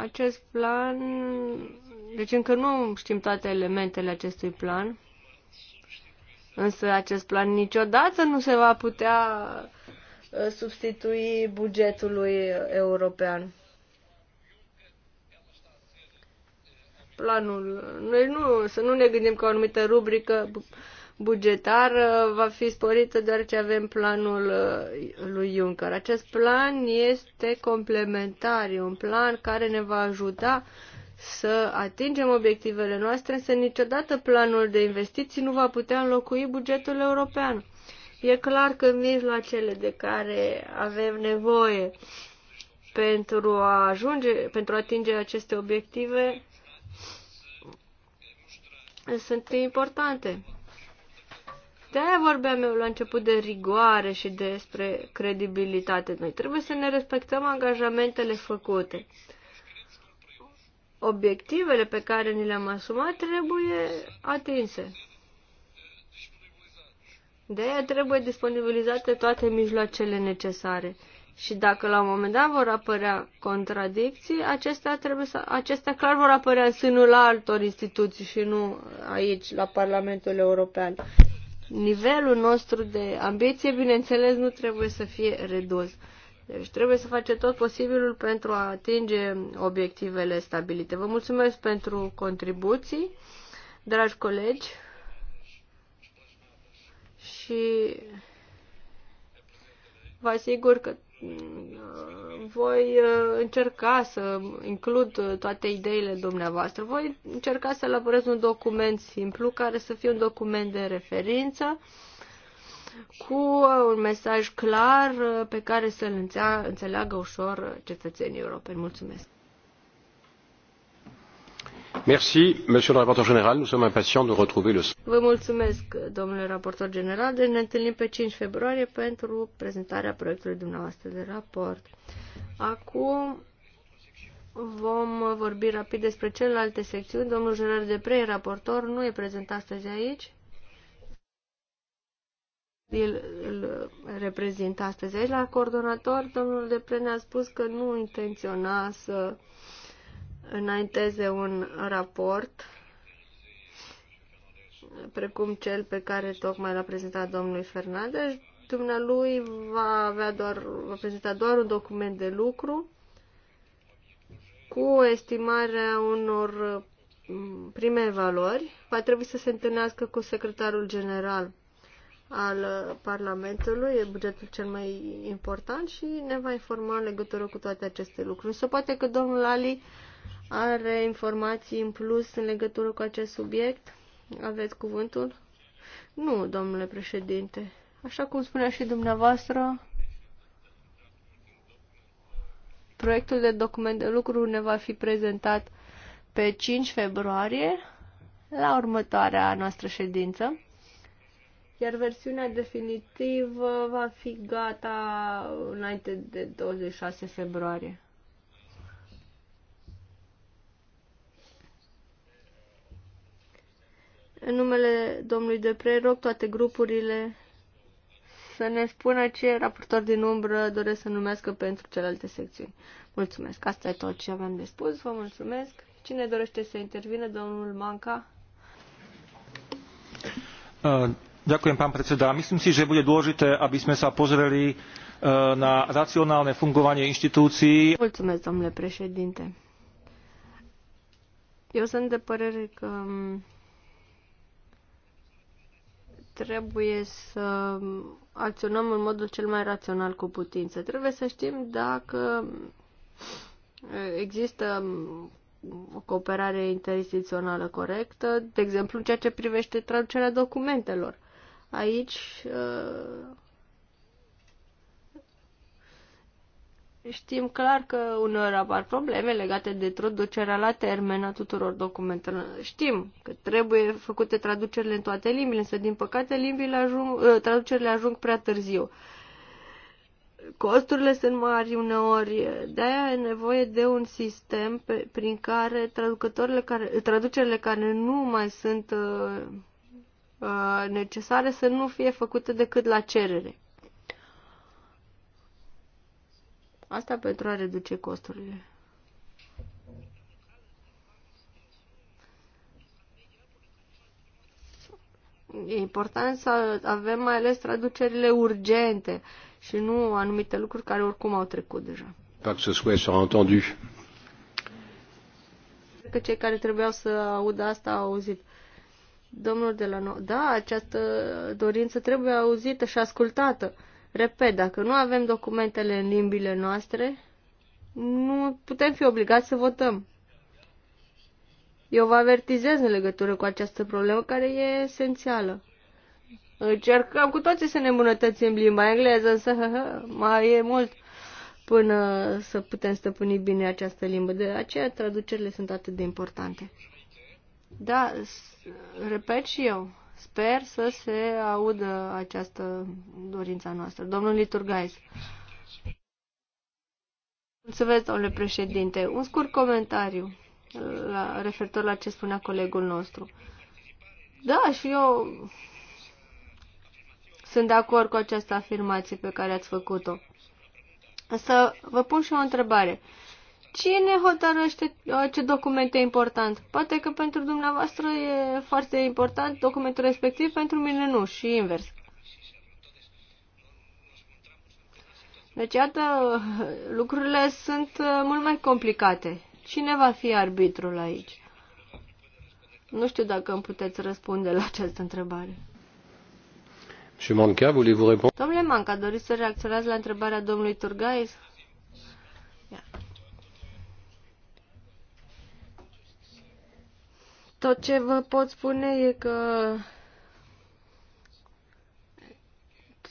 Acest plan, deci încă nu știm toate elementele acestui plan, însă acest plan niciodată nu se va putea uh, Uh, substitui bugetului european. Planul. Noi nu, să nu ne gândim că o anumită rubrică bugetară va fi sporită ce avem planul uh, lui Juncker. Acest plan este complementar, e un plan care ne va ajuta să atingem obiectivele noastre, însă niciodată planul de investiții nu va putea înlocui bugetul european. E clar că mijloacele de care avem nevoie pentru a ajunge, pentru a atinge aceste obiective sunt importante. De-aia vorbeam eu la început de rigoare și despre credibilitate. Noi trebuie să ne respectăm angajamentele făcute. Obiectivele pe care ni le-am asumat trebuie atinse. De aia trebuie disponibilizate toate mijloacele necesare. Și dacă la un moment dat vor apărea contradicții, acestea, trebuie să, acestea clar vor apărea în sânul altor instituții și nu aici, la Parlamentul European. Nivelul nostru de ambiție, bineînțeles, nu trebuie să fie redus. Deci trebuie să facem tot posibilul pentru a atinge obiectivele stabilite. Vă mulțumesc pentru contribuții, dragi colegi și vă asigur că uh, voi uh, încerca să includ toate ideile dumneavoastră. Voi încerca să elaborez un document simplu care să fie un document de referință cu uh, un mesaj clar pe care să-l înțeleagă ușor cetățenii europeni. Mulțumesc! Vă mulțumesc, domnule raportor general. Deci ne întâlnim pe cinci februarie pentru prezentarea proiectului dumneavoastră de raport. Acum vom vorbi rapid despre celelalte secțiuni. Domnul Gerard deprez raportor, nu e prezent astăzi aici. El îl reprezintă astăzi aici la coordonator. Domnul Deprey ne-a spus că nu intenționa să uh, înainteze un raport precum cel pe care tocmai l-a prezentat domnului Fernandez. Dumnealui va, avea doar, va prezenta doar un document de lucru cu estimarea unor mm, prime valori. Va trebui să se întâlnească cu secretarul general al Parlamentului, e bugetul cel mai important și ne va informa în legătură cu toate aceste lucruri. Se poate că domnul Ali are informații în plus în legătură cu acest subiect? Aveți cuvântul? Nu, domnule președinte. Așa cum spunea și dumneavoastră, proiectul de document de lucru ne va fi prezentat pe 5 februarie la următoarea noastră ședință, iar versiunea definitivă va fi gata înainte de 26 februarie. În numele domnului Depre, rog toate grupurile să ne spună ce raportor din umbră doresc să numească pentru celelalte secțiuni. Mulțumesc. Asta e tot ce aveam de spus. Vă mulțumesc. Cine dorește să intervină? Domnul Manca. Uh, ďakujem, pán predseda. Myslím si, že bude dôležité, aby sme sa pozreli uh, na racionálne fungovanie inštitúcií. Mulțumesc, domnule președinte. Eu sunt de părere că um, trebuie să acționăm în modul cel mai rațional cu putință. Trebuie să știm dacă există o cooperare interinstituțională corectă, de exemplu în ceea ce privește traducerea documentelor. Aici Știm clar că uneori apar probleme legate de traducerea la termen a tuturor documentelor. Știm că trebuie făcute traducerile în toate limbile, însă din păcate limbile ajung, ă, traducerile ajung prea târziu. Costurile sunt mari uneori, de-aia e nevoie de un sistem pe, prin care, traducătorile care traducerile care nu mai sunt uh, uh, necesare să nu fie făcute decât la cerere. Asta pentru a reduce costurile. E important să avem mai ales traducerile urgente și nu anumite lucruri care oricum au trecut deja. Pas Că cei care trebuiau să audă asta au auzit. Domnul de la noi. da, această dorință trebuie auzită și ascultată. Repet, dacă nu avem documentele în limbile noastre, nu putem fi obligați să votăm. Eu vă avertizez în legătură cu această problemă care e esențială. Încercăm cu toții să ne îmbunătățim limba engleză, însă hă, hă, mai e mult până să putem stăpâni bine această limbă. De aceea traducerile sunt atât de importante. Da, repet și eu. Sper să se audă această dorința noastră. Domnul Liturgais. Mulțumesc, domnule președinte. Un scurt comentariu la, referitor la ce spunea colegul nostru. Da, și eu sunt de acord cu această afirmație pe care ați făcut-o. Să vă pun și o întrebare. Cine hotărăște uh, ce document e important? Poate că pentru dumneavoastră e foarte important documentul respectiv, pentru mine nu și invers. Deci, iată, [LAUGHS] lucrurile sunt uh, mult mai complicate. Cine va fi arbitrul aici? Nu știu dacă îmi puteți răspunde la această întrebare. Domnule Manca, doriți să reacționați la întrebarea domnului Turgais? Tot ce vă pot spune e că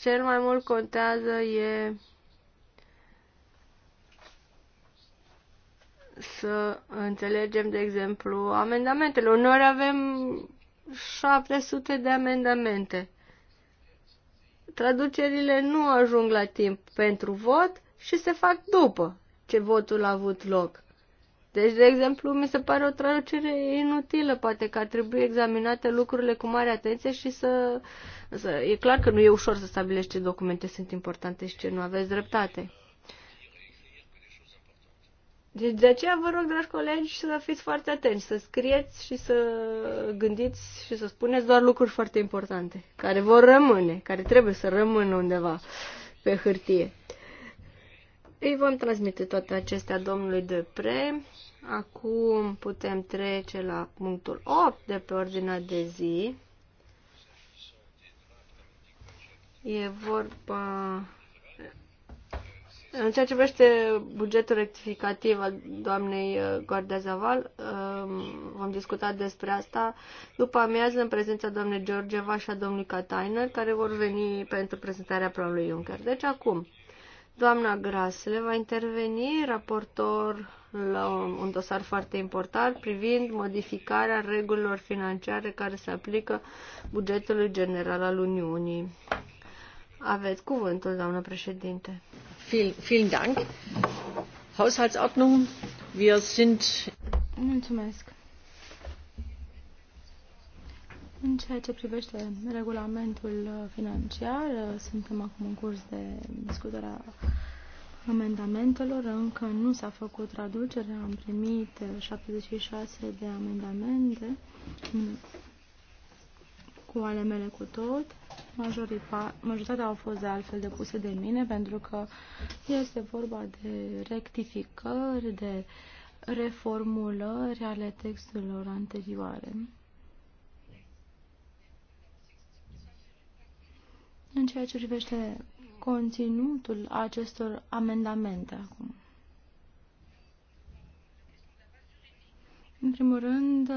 cel mai mult contează e să înțelegem, de exemplu, amendamentele. Noi avem 700 de amendamente. Traducerile nu ajung la timp pentru vot și se fac după ce votul a avut loc. Deci, de exemplu, mi se pare o traducere inutilă, poate că ar trebui examinate lucrurile cu mare atenție și să, să... E clar că nu e ușor să stabilești ce documente sunt importante și ce nu aveți dreptate. Deci de aceea vă rog, dragi colegi, să fiți foarte atenți, să scrieți și să gândiți și să spuneți doar lucruri foarte importante, care vor rămâne, care trebuie să rămână undeva pe hârtie. Îi vom transmite toate acestea domnului Depre. Acum putem trece la punctul 8 de pe ordinea de zi. E vorba... În ceea ce privește bugetul rectificativ al doamnei uh, Gordea Zaval, um, vom discuta despre asta după amiază în prezența doamnei Georgeva și a domnului Katainer, care vor veni pentru prezentarea planului Juncker. Deci acum, Doamna Grasle va interveni raportor la un dosar foarte important privind modificarea regulilor financiare care se aplică bugetului general al Uniunii. Aveți cuvântul, doamnă președinte. Vielen Dank. Haushaltsordnung. Wir sind Mulțumesc. În ceea ce privește regulamentul financiar, suntem acum în curs de discutarea amendamentelor. Încă nu s-a făcut traducerea, am primit 76 de amendamente mm, cu ale mele cu tot. Majoritatea au fost de altfel depuse de mine pentru că este vorba de rectificări, de reformulări ale textelor anterioare. în ceea ce privește conținutul acestor amendamente acum. În primul rând,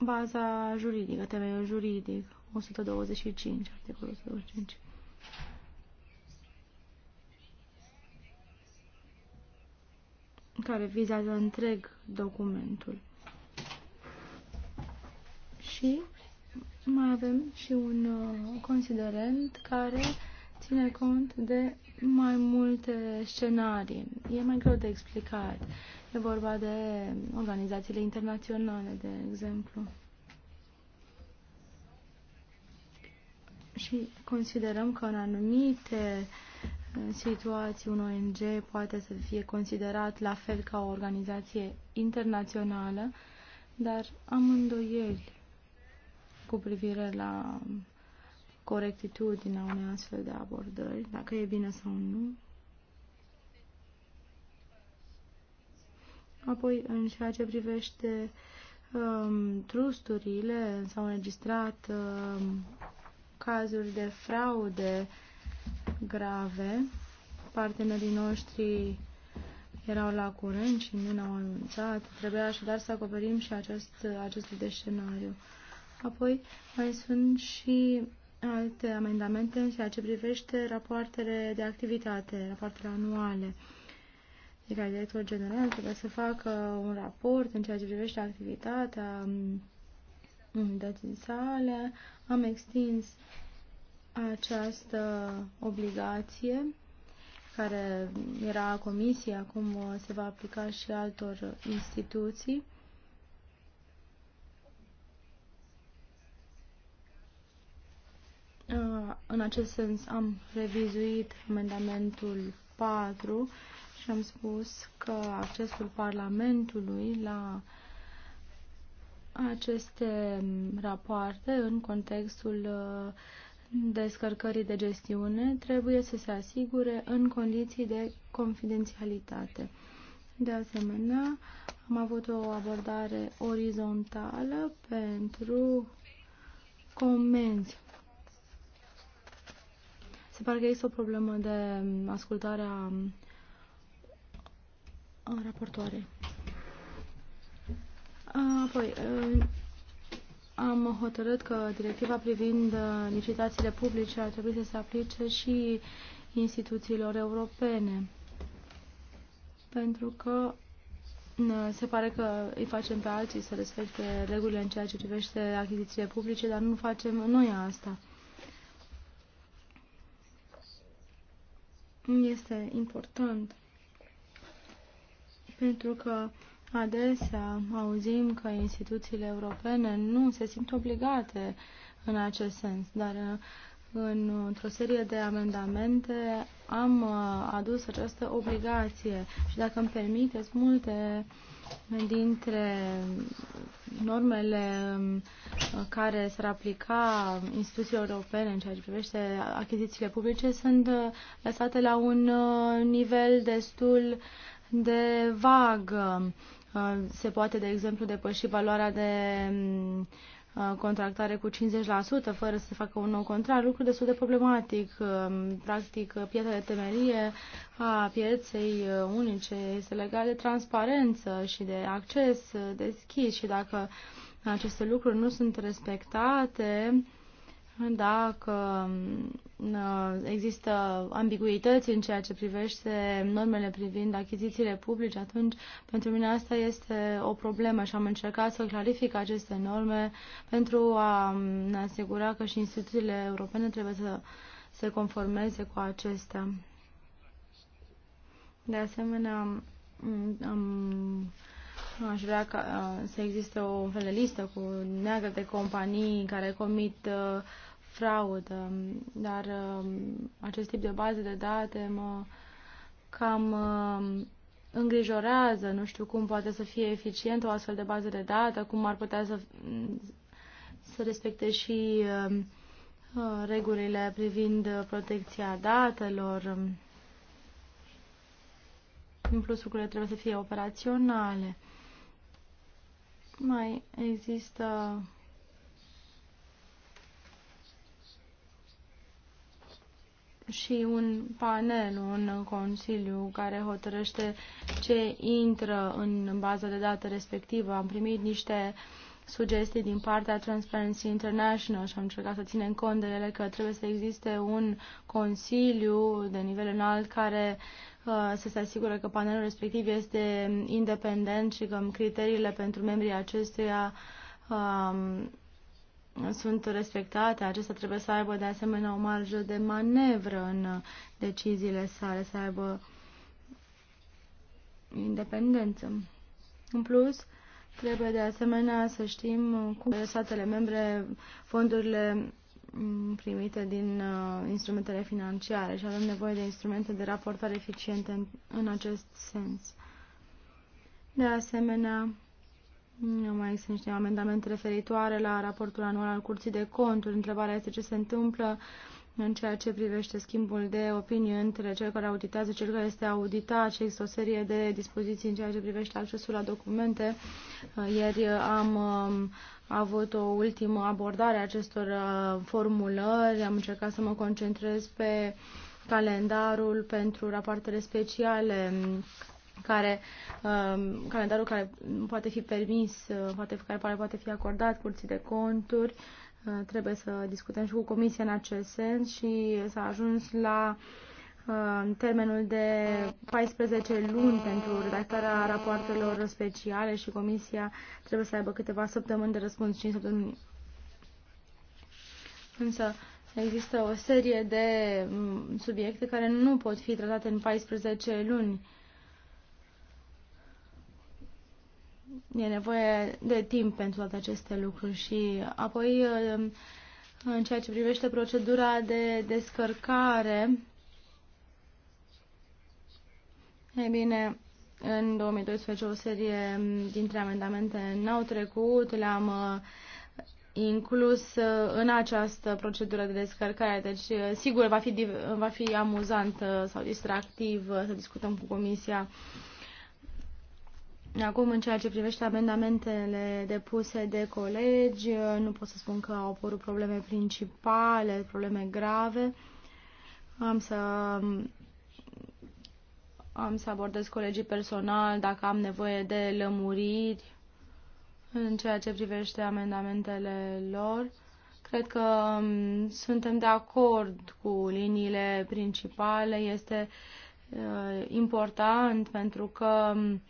baza juridică, temeiul juridic, 125, articolul 125. care vizează întreg documentul. Și mai avem și un uh, considerent care ține cont de mai multe scenarii. E mai greu de explicat. E vorba de organizațiile internaționale, de exemplu. Și considerăm că în anumite uh, situații un ONG poate să fie considerat la fel ca o organizație internațională, dar am îndoieli cu privire la corectitudinea unei astfel de abordări, dacă e bine sau nu. Apoi, în ceea ce privește um, trusturile, s-au înregistrat um, cazuri de fraude grave. Partenerii noștri erau la curent și nu ne-au anunțat. Trebuia așadar să acoperim și acest, acest de scenariu. Apoi mai sunt și alte amendamente în ceea ce privește rapoartele de activitate, rapoartele anuale. Adică care directorul general trebuie să facă un raport în ceea ce privește activitatea unității mm, sale. Am extins această obligație care era a comisiei, acum se va aplica și altor instituții. În acest sens am revizuit amendamentul 4 și am spus că accesul Parlamentului la aceste rapoarte în contextul descărcării de gestiune trebuie să se asigure în condiții de confidențialitate. De asemenea, am avut o abordare orizontală pentru comenzi se pare că există o problemă de ascultare a, a raportoarei. Apoi, ă, am hotărât că directiva privind ă, licitațiile publice ar trebui să se aplice și instituțiilor europene, pentru că ă, se pare că îi facem pe alții să respecte regulile în ceea ce privește achizițiile publice, dar nu facem noi asta. este important pentru că adesea auzim că instituțiile europene nu se simt obligate în acest sens, dar uh, într-o serie de amendamente am uh, adus această obligație și dacă îmi permiteți, multe uh, dintre normele um, care s-ar aplica instituțiilor europene în ceea ce privește achizițiile publice sunt uh, lăsate la un uh, nivel destul de vag. Uh, se poate, de exemplu, depăși valoarea de um, Uh, contractare cu 50% fără să se facă un nou contract, lucru destul de problematic. Um, practic, uh, piața de temerie a pieței uh, unice este legată de transparență și de acces deschis și dacă aceste lucruri nu sunt respectate, dacă uh, există ambiguități în ceea ce privește normele privind achizițiile publice, atunci pentru mine asta este o problemă și am încercat să clarific aceste norme pentru a um, ne asigura că și instituțiile europene trebuie să se conformeze cu acestea. De asemenea, um, am Aș vrea ca, uh, să existe o fel de listă cu neagră de companii care comit uh, fraudă, dar um, acest tip de baze de date mă cam um, îngrijorează, nu știu cum poate să fie eficient o astfel de bază de date, cum ar putea să, să respecte și um, uh, regulile privind protecția datelor. În plus, lucrurile trebuie să fie operaționale. Mai există și un panel, un consiliu care hotărăște ce intră în baza de date respectivă. Am primit niște sugestii din partea Transparency International și am încercat să ținem cont de ele că trebuie să existe un consiliu de nivel înalt care uh, să se asigure că panelul respectiv este independent și că criteriile pentru membrii acestuia um, sunt respectate, acesta trebuie să aibă de asemenea o marjă de manevră în uh, deciziile sale, să aibă independență. În plus, trebuie de asemenea să știm uh, cum statele membre fondurile mm, primite din uh, instrumentele financiare și avem nevoie de instrumente de raportare eficiente în acest sens. De asemenea, mai sunt niște amendamente referitoare la raportul anual al Curții de Conturi. Întrebarea este ce se întâmplă în ceea ce privește schimbul de opinie între cel care auditează, cel care este auditat și există o serie de dispoziții în ceea ce privește accesul la documente. Uh, ieri am um, avut o ultimă abordare a acestor uh, formulări, am încercat să mă concentrez pe calendarul pentru rapoartele speciale care, um, calendarul care poate fi permis, uh, poate, care poate fi acordat curții de conturi, uh, trebuie să discutăm și cu Comisia în acest sens și s-a ajuns la uh, termenul de 14 luni pentru redactarea rapoartelor speciale și Comisia trebuie să aibă câteva săptămâni de răspuns, 5 săptămâni. Însă există o serie de mm, subiecte care nu pot fi tratate în 14 luni e nevoie de timp pentru toate aceste lucruri și apoi în ceea ce privește procedura de descărcare, e bine, în 2012 o serie dintre amendamente n-au trecut, le-am uh, inclus uh, în această procedură de descărcare. Deci, uh, sigur, va fi, va fi amuzant sau distractiv să discutăm cu Comisia uh, Acum, în ceea ce privește amendamentele depuse de colegi, nu pot să spun că au apărut probleme principale, probleme grave. Am să, am să abordez colegii personal dacă am nevoie de lămuriri în ceea ce privește amendamentele lor. Cred că um, suntem de acord cu liniile principale. Este uh, important pentru că um,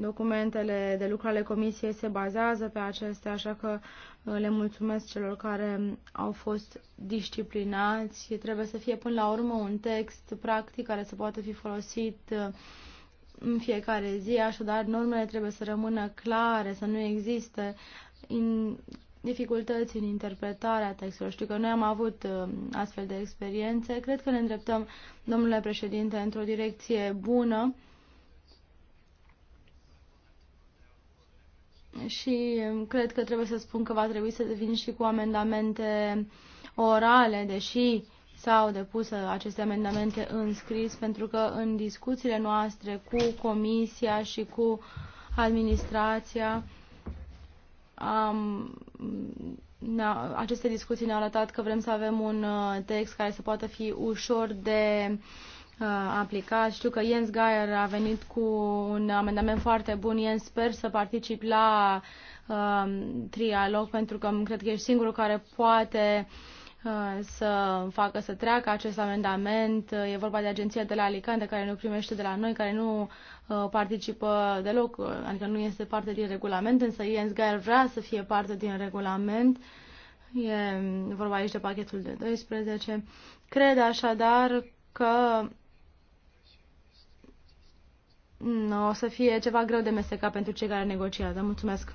documentele de lucru ale comisiei se bazează pe acestea, așa că uh, le mulțumesc celor care au fost disciplinați. Trebuie să fie până la urmă un text practic care să poată fi folosit uh, în fiecare zi, așadar normele trebuie să rămână clare, să nu existe in dificultăți în interpretarea textelor. Știu că noi am avut uh, astfel de experiențe. Cred că ne îndreptăm, domnule președinte, într-o direcție bună și um, cred că trebuie să spun că va trebui să vin și cu amendamente orale, deși s-au depus aceste amendamente în scris, pentru că în discuțiile noastre cu Comisia și cu administrația am, aceste discuții ne-au arătat că vrem să avem un uh, text care să poată fi ușor de uh, Uh, aplicat. Știu că Jens Geier a venit cu un amendament foarte bun. Jens, sper să particip la uh, trialog pentru că cred că ești singurul care poate uh, să facă să treacă acest amendament. Uh, e vorba de agenția de la Alicante care nu primește de la noi, care nu uh, participă deloc, adică nu este parte din regulament, însă Jens Geier vrea să fie parte din regulament. E vorba aici de pachetul de 12. Cred așadar că o să fie ceva greu de mestecat pentru cei care negociază. Mulțumesc!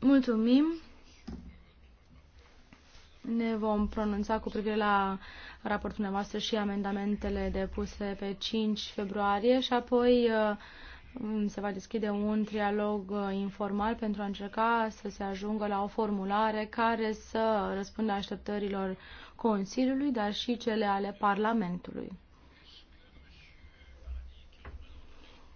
Mulțumim! Ne vom pronunța cu privire la raportul dumneavoastră și amendamentele depuse pe 5 februarie și apoi uh, se va deschide un trialog uh, informal pentru a încerca să se ajungă la o formulare care să răspundă așteptărilor Consiliului, dar și cele ale Parlamentului.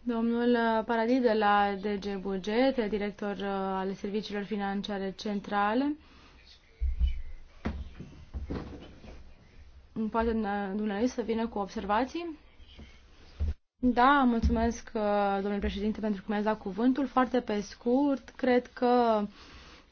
Domnul uh, Paradis de la DG Buget, director uh, al Serviciilor Financiare Centrale. Poate uh, dumneavoastră să vină cu observații? Da, mulțumesc, domnule președinte, pentru că mi-ați dat cuvântul. Foarte pe scurt, cred că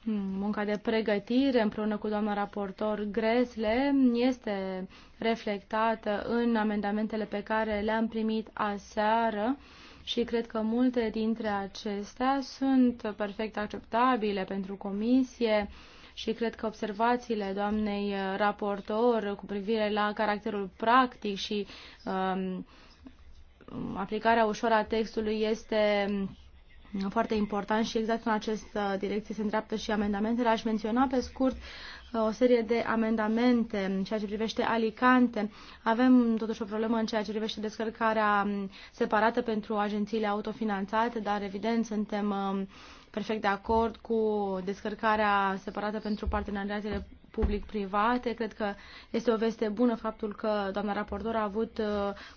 hmm, munca de pregătire împreună cu doamna raportor Gresle este reflectată în amendamentele pe care le-am primit aseară și cred că multe dintre acestea sunt perfect acceptabile pentru comisie și cred că observațiile doamnei uh, raportor cu privire la caracterul practic și um, aplicarea ușoară a textului este um, foarte important și exact în această direcție se îndreaptă și amendamentele. Aș menționa pe scurt uh, o serie de amendamente în ceea ce privește Alicante. Avem totuși o problemă în ceea ce privește descărcarea um, separată pentru agențiile autofinanțate, dar evident suntem um, perfect de acord cu descărcarea separată pentru parteneriatele public-private. Cred că este o veste bună faptul că doamna raportor a avut uh,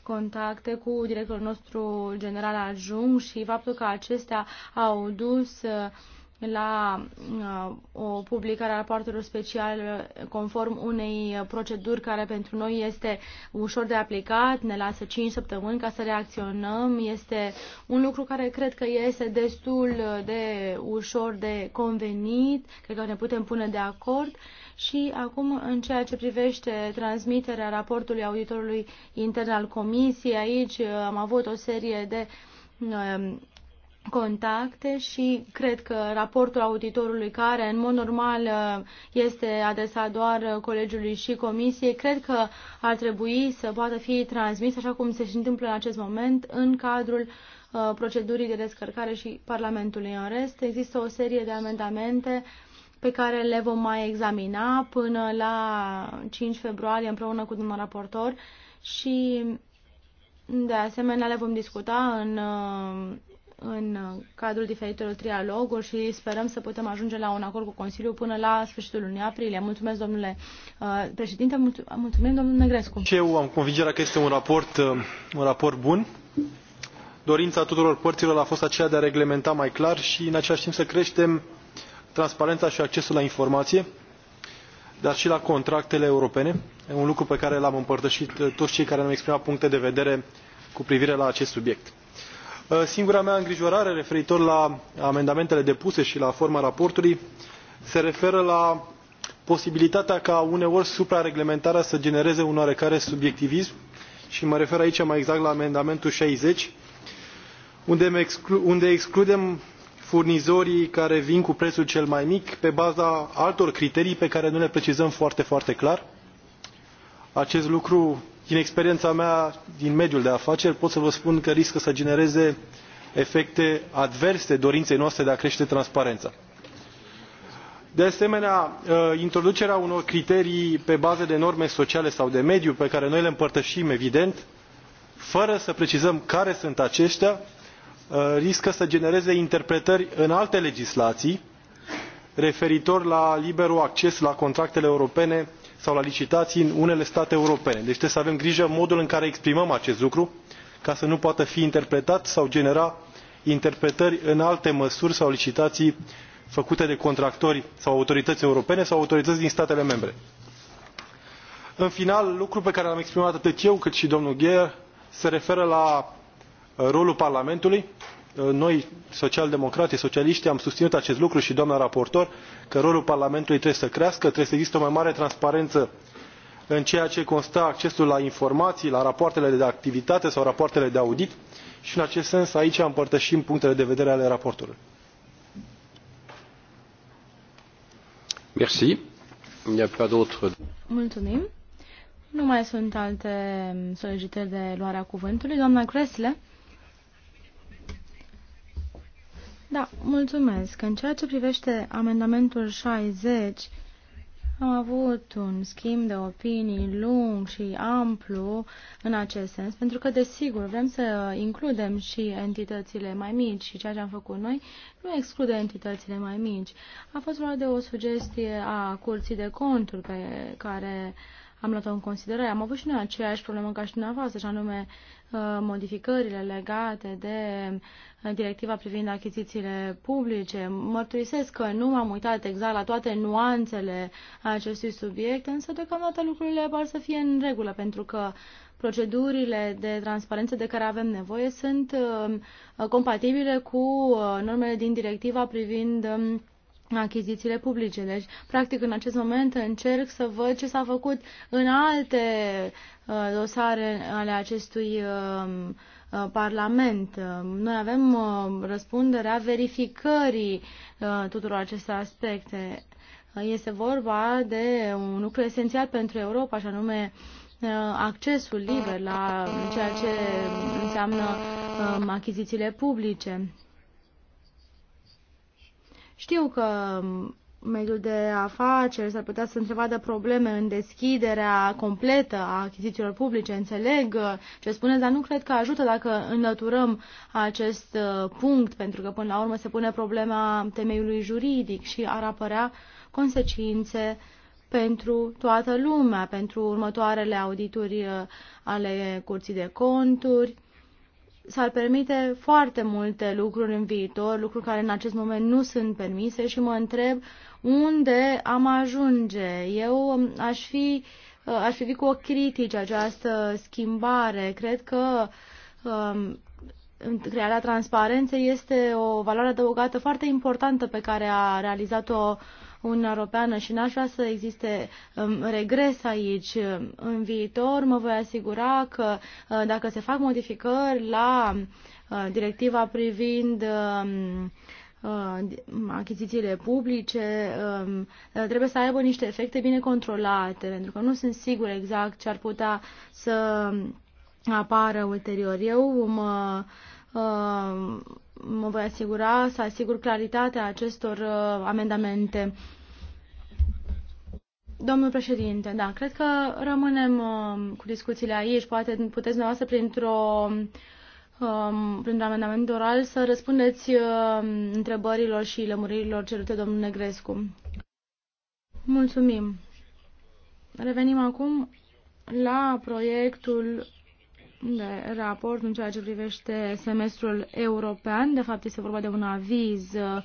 contacte cu directorul nostru general jung și faptul că acestea au dus uh, la uh, o publicare a rapoartelor speciale conform unei proceduri care pentru noi este ușor de aplicat, ne lasă 5 săptămâni ca să reacționăm. Este un lucru care cred că este destul de ușor de convenit, cred că ne putem pune de acord. Și acum, în ceea ce privește transmiterea raportului auditorului intern al Comisiei, aici uh, am avut o serie de uh, contacte și cred că raportul auditorului, care în mod normal este adresat doar colegiului și comisiei, cred că ar trebui să poată fi transmis, așa cum se și întâmplă în acest moment, în cadrul uh, procedurii de descărcare și Parlamentului. În rest, există o serie de amendamente pe care le vom mai examina până la 5 februarie împreună cu domnul raportor și de asemenea le vom discuta în uh, în uh, cadrul diferitelor trialoguri și sperăm să putem ajunge la un acord cu Consiliul până la sfârșitul lunii aprilie. Mulțumesc, domnule uh, președinte, uh, mulțumim, domnule Negrescu. Și eu am convingerea că este un raport, un raport bun. Dorința tuturor părților a fost aceea de a reglementa mai clar și în același timp să creștem transparența și accesul la informație, dar și la contractele europene. E un lucru pe care l-am împărtășit toți cei care ne-au exprimat puncte de vedere cu privire la acest subiect Uh, singura mea îngrijorare referitor la amendamentele depuse și la forma raportului se referă la posibilitatea ca uneori suprareglementarea să genereze un oarecare subiectivism și mă refer aici mai exact la amendamentul 60, unde, exclu unde excludem furnizorii care vin cu prețul cel mai mic pe baza altor criterii pe care nu le precizăm foarte, foarte clar. Acest lucru din experiența mea din mediul de afaceri pot să vă spun că riscă să genereze efecte adverse dorinței noastre de a crește transparența. De asemenea, uh, introducerea unor criterii pe bază de norme sociale sau de mediu, pe care noi le împărtășim, evident, fără să precizăm care sunt aceștia, uh, riscă să genereze interpretări în alte legislații referitor la liberul acces la contractele europene sau la licitații în unele state europene. Deci trebuie să avem grijă modul în care exprimăm acest lucru ca să nu poată fi interpretat sau genera interpretări în alte măsuri sau licitații făcute de contractori sau autorități europene sau autorități din statele membre. În final, lucru pe care l-am exprimat atât eu cât și domnul Gheer se referă la rolul Parlamentului Uh, noi democrații socialiștii am susținut acest lucru și doamna raportor că rolul parlamentului trebuie să crească trebuie să existe o mai mare transparență în ceea ce constă accesul la informații la rapoartele de activitate sau rapoartele de audit și în acest sens aici împărtășim punctele de vedere ale raportorului. Merci. Il a pas Mulțumim. Nu mai sunt alte solicitări de luarea cuvântului. Doamna Gresle. Da, mulțumesc. În ceea ce privește amendamentul 60, am avut un schimb de opinii lung și amplu în acest sens, pentru că, desigur, vrem să includem și entitățile mai mici și ceea ce am făcut noi nu exclude entitățile mai mici. A fost vorba de o sugestie a Curții de Conturi pe care am luat-o în considerare. Am avut și noi aceeași problemă ca și dumneavoastră, și anume Uh, modificările legate de uh, directiva privind achizițiile publice. Mărturisesc că nu m-am uitat exact la toate nuanțele acestui subiect, însă deocamdată lucrurile par să fie în regulă, pentru că procedurile de transparență de care avem nevoie sunt uh, compatibile cu normele din directiva privind um, achizițiile publice. Deci, practic, în acest moment încerc să văd ce s-a făcut în alte Uh, dosare ale acestui uh, uh, Parlament. Noi avem răspunderea verificării tuturor acestor aspecte. Este vorba de un lucru esențial pentru Europa, și anume accesul liber la ceea ce înseamnă um, achizițiile publice. Știu că um, mediul de afaceri s-ar putea să întrevadă probleme în deschiderea completă a achizițiilor publice. Înțeleg ce spuneți, dar nu cred că ajută dacă înlăturăm acest uh, punct, pentru că până la urmă se pune problema temeiului juridic și ar apărea consecințe pentru toată lumea, pentru următoarele audituri uh, ale curții de conturi s-ar permite foarte multe lucruri în viitor, lucruri care în acest moment nu sunt permise și mă întreb unde am ajunge. Eu um, aș fi, uh, aș fi cu o critică această schimbare. Cred că um, crearea transparenței este o valoare adăugată foarte importantă pe care a realizat-o Uniunea Europeană și n-aș vrea să existe um, regres aici. În viitor mă voi asigura că uh, dacă se fac modificări la uh, directiva privind um, uh, achizițiile publice um, trebuie să aibă niște efecte bine controlate, pentru că nu sunt sigur exact ce ar putea să apară ulterior. Eu mă mă voi asigura să asigur claritatea acestor uh, amendamente. Domnul președinte, da, cred că rămânem uh, cu discuțiile aici. Poate puteți dumneavoastră printr-o um, printr-un amendament oral să răspundeți uh, întrebărilor și lămuririlor cerute domnul Negrescu. Mulțumim. Revenim acum la proiectul de raport în ceea ce privește semestrul european. De fapt, este vorba de un aviz. Uh,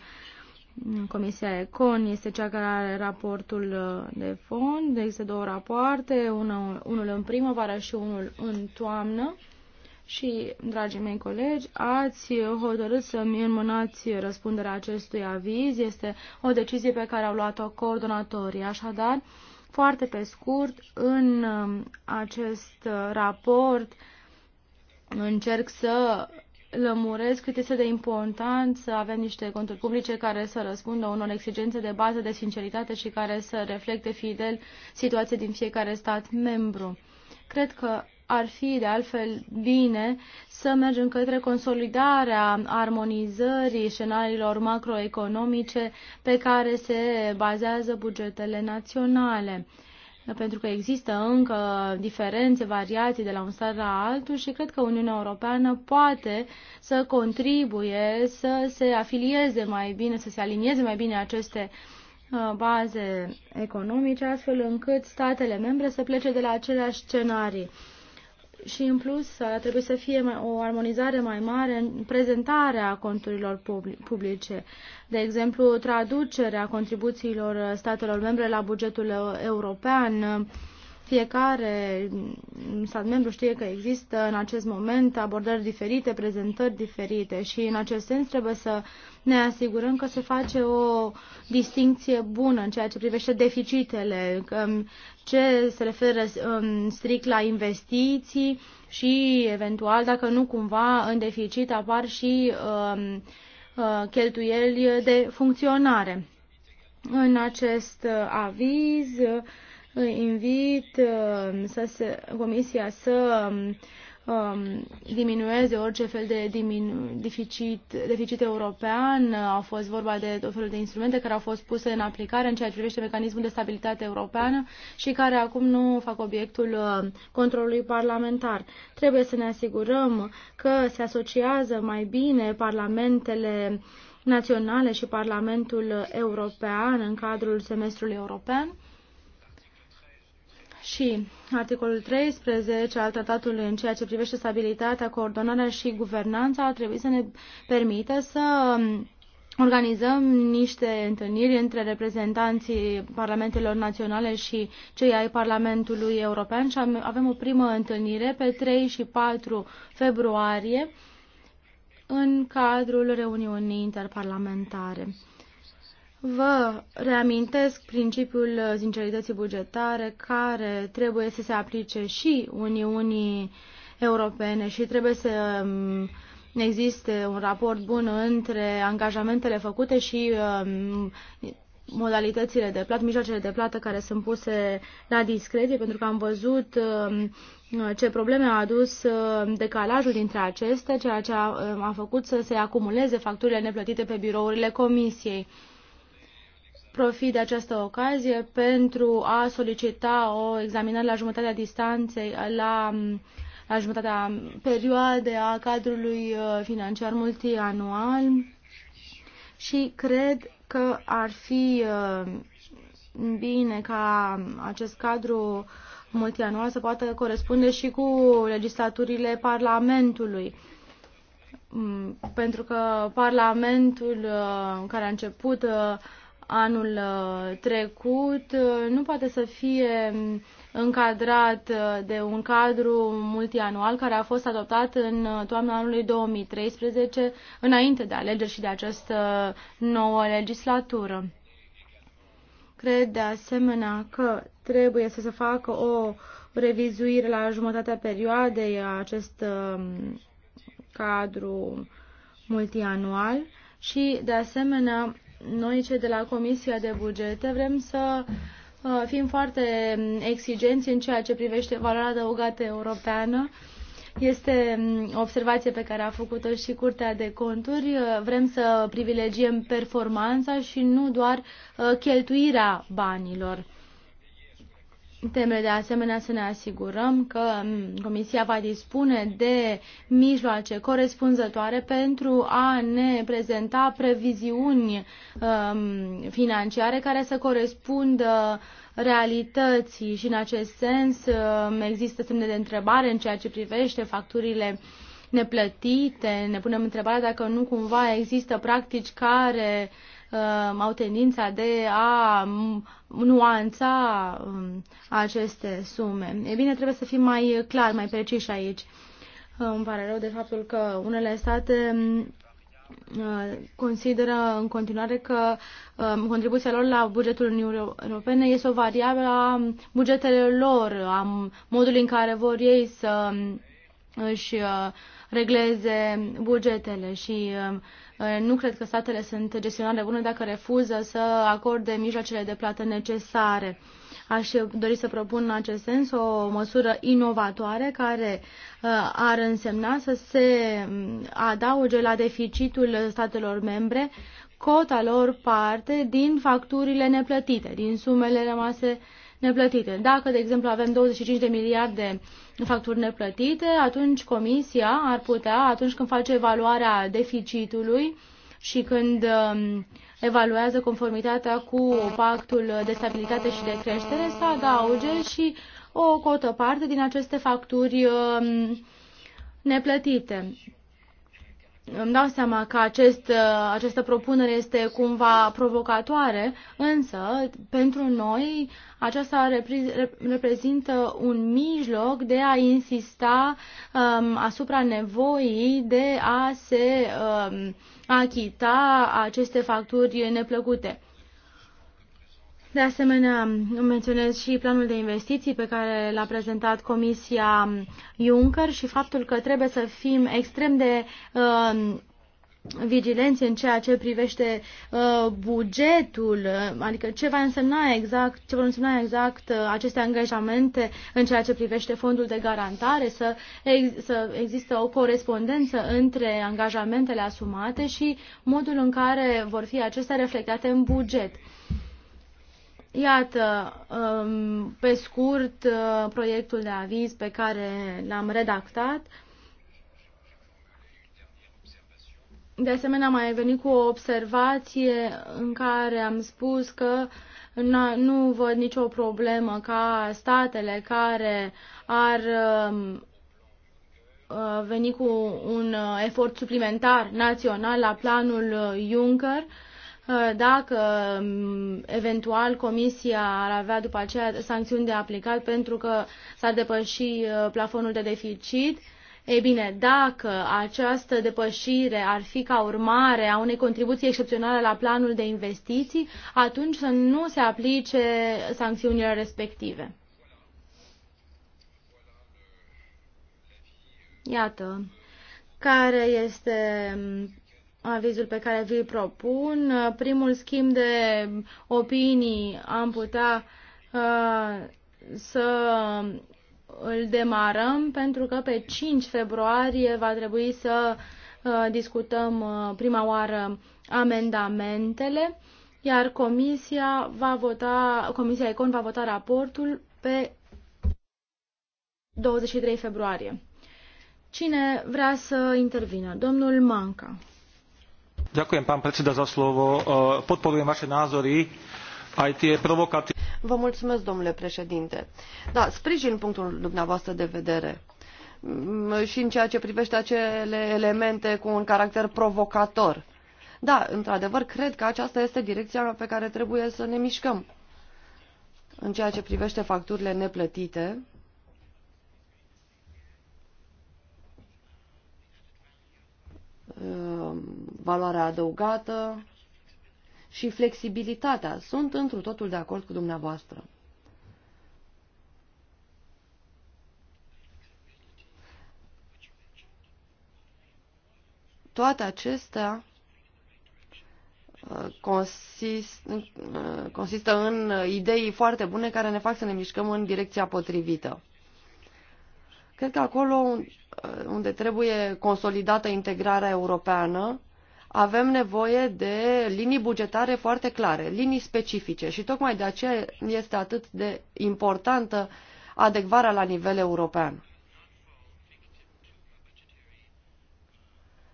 Comisia Econ este cea care are raportul uh, de fond. Există două rapoarte, una, unul în primăvară și unul în toamnă. Și, dragii mei colegi, ați hotărât să-mi înmânați răspunderea acestui aviz. Este o decizie pe care au luat-o coordonatorii. Așadar, foarte pe scurt, în um, acest uh, raport încerc să lămuresc cât este de important să avem niște conturi publice care să răspundă unor exigențe de bază de sinceritate și care să reflecte fidel situația din fiecare stat membru. Cred că ar fi de altfel bine să mergem către consolidarea armonizării scenariilor macroeconomice pe care se bazează bugetele naționale pentru că există încă diferențe, variații de la un stat la altul și cred că Uniunea Europeană poate să contribuie să se afilieze mai bine, să se alinieze mai bine aceste uh, baze economice, astfel încât statele membre să plece de la aceleași scenarii și în plus uh, trebuie să fie o armonizare mai mare în prezentarea conturilor publice, de exemplu traducerea contribuțiilor statelor membre la bugetul european. Fiecare stat membru știe că există în acest moment abordări diferite, prezentări diferite și în acest sens trebuie să ne asigurăm că se face o distinție bună în ceea ce privește deficitele, că ce se referă um, strict la investiții și, eventual, dacă nu cumva în deficit apar și um, uh, cheltuieli de funcționare. În acest uh, aviz uh, invit uh, să se, Comisia să um, um, diminueze orice fel de diminu- deficit, deficit european. A fost vorba de tot felul de instrumente care au fost puse în aplicare în ceea ce privește mecanismul de stabilitate europeană și care acum nu fac obiectul uh, controlului parlamentar. Trebuie să ne asigurăm că se asociază mai bine parlamentele naționale și Parlamentul European în cadrul semestrului european și articolul 13 al tratatului în ceea ce privește stabilitatea, coordonarea și guvernanța ar trebui să ne permită să um, organizăm niște întâlniri între reprezentanții parlamentelor naționale și cei ai Parlamentului European și avem o primă întâlnire pe 3 și 4 februarie în cadrul reuniunii interparlamentare. Vă reamintesc principiul sincerității bugetare care trebuie să se aplice și Uniunii Europene și trebuie să um, existe un raport bun între angajamentele făcute și um, modalitățile de plată, mijloacele de plată care sunt puse la discreție, pentru că am văzut um, ce probleme a adus decalajul dintre acestea, ceea ce a, făcut să se acumuleze facturile neplătite pe birourile comisiei profit de această ocazie pentru a solicita o examinare la jumătatea distanței, la, la jumătatea perioade a cadrului uh, financiar multianual și cred că ar fi uh, bine ca acest cadru multianual să poată corespunde și cu legislaturile Parlamentului mm, pentru că Parlamentul uh, care a început anul uh, trecut uh, nu poate să fie încadrat uh, de un cadru multianual care a fost adoptat în toamna anului 2013, înainte de alegeri și de această nouă legislatură. Cred de asemenea că trebuie să se facă o revizuire la jumătatea perioadei a acest um, cadru multianual și, de asemenea, noi cei de la Comisia de Bugete vrem să uh, fim foarte exigenți în ceea ce privește valoarea adăugată europeană. Este um, observație pe care a făcut-o și Curtea de Conturi. Uh, vrem să privilegiem performanța și nu doar uh, cheltuirea banilor. Trebuie de asemenea să ne asigurăm că mm, Comisia va dispune de mijloace corespunzătoare pentru a ne prezenta previziuni um, financiare care să corespundă realității și în acest sens um, există semne de întrebare în ceea ce privește facturile neplătite. Ne punem întrebarea dacă nu cumva există practici care uh, Uh, au tendința de a nuanța um, aceste sume. E bine, trebuie să fim mai clar, mai precis aici. Uh, îmi pare rău de faptul că unele state uh, consideră în continuare că um, contribuția lor la bugetul Uniunii Europene este o variabilă a bugetelor lor, a modului în care vor ei să își uh, regleze bugetele și uh, uh, nu cred că statele sunt gestionare bune dacă refuză să acorde mijloacele de plată necesare. Aș dori să propun în acest sens o măsură inovatoare care ar însemna să se um, adauge la deficitul statelor membre cota lor parte din facturile neplătite, din sumele rămase neplătite. Dacă, de exemplu, avem 25 de miliarde facturi neplătite, atunci Comisia ar putea, atunci când face evaluarea deficitului și când um, evaluează conformitatea cu pactul de stabilitate și de creștere, să adauge și o cotă parte din aceste facturi um, neplătite. Îmi dau seama că acest, uh, această propunere este cumva provocatoare, însă pentru noi aceasta reprezintă un mijloc de a insista um, asupra nevoii de a se um, achita aceste facturi neplăcute. De asemenea, menționez și planul de investiții pe care l-a prezentat Comisia Juncker și faptul că trebuie să fim extrem de uh, vigilenți în ceea ce privește uh, bugetul, uh, adică ce va însemna exact, ce vor însemna exact uh, aceste angajamente în ceea ce privește fondul de garantare, să, ex, să există o corespondență între angajamentele asumate și modul în care vor fi acestea reflectate în buget. Uh, Iată, um, pe scurt, uh, proiectul de aviz pe care l-am redactat. De asemenea, am mai venit cu o observație în care am spus că nu văd nicio problemă ca statele care ar um, uh, veni cu un uh, efort suplimentar național la planul Juncker, Uh, dacă um, eventual comisia ar avea după aceea sancțiuni de aplicat pentru că s-a depășit uh, plafonul de deficit, e bine, dacă această depășire ar fi ca urmare a unei contribuții excepționale la planul de investiții, atunci să nu se aplice sancțiunile respective. Iată care este um, avizul pe care vi-l propun. Primul schimb de opinii am putea uh, să îl demarăm pentru că pe 5 februarie va trebui să uh, discutăm uh, prima oară amendamentele, iar comisia va vota, comisia Econ va vota raportul pe 23 februarie. Cine vrea să intervină? Domnul Manca. Ďakujem, pán predseda, za slovo. Podporujem vaše názory, aj tie Vă mulțumesc, domnule președinte. Da, sprijin punctul dumneavoastră de vedere și în ceea ce privește acele elemente cu un caracter provocator. Da, într-adevăr, cred că aceasta este direcția pe care trebuie să ne mișcăm. În ceea ce privește facturile neplătite, valoarea adăugată și flexibilitatea. Sunt întru totul de acord cu dumneavoastră. Toate acestea uh, consist, uh, consistă în idei foarte bune care ne fac să ne mișcăm în direcția potrivită. Cred că acolo uh, unde trebuie consolidată integrarea europeană, avem nevoie de linii bugetare foarte clare, linii specifice și tocmai de aceea este atât de importantă adecvarea la nivel european.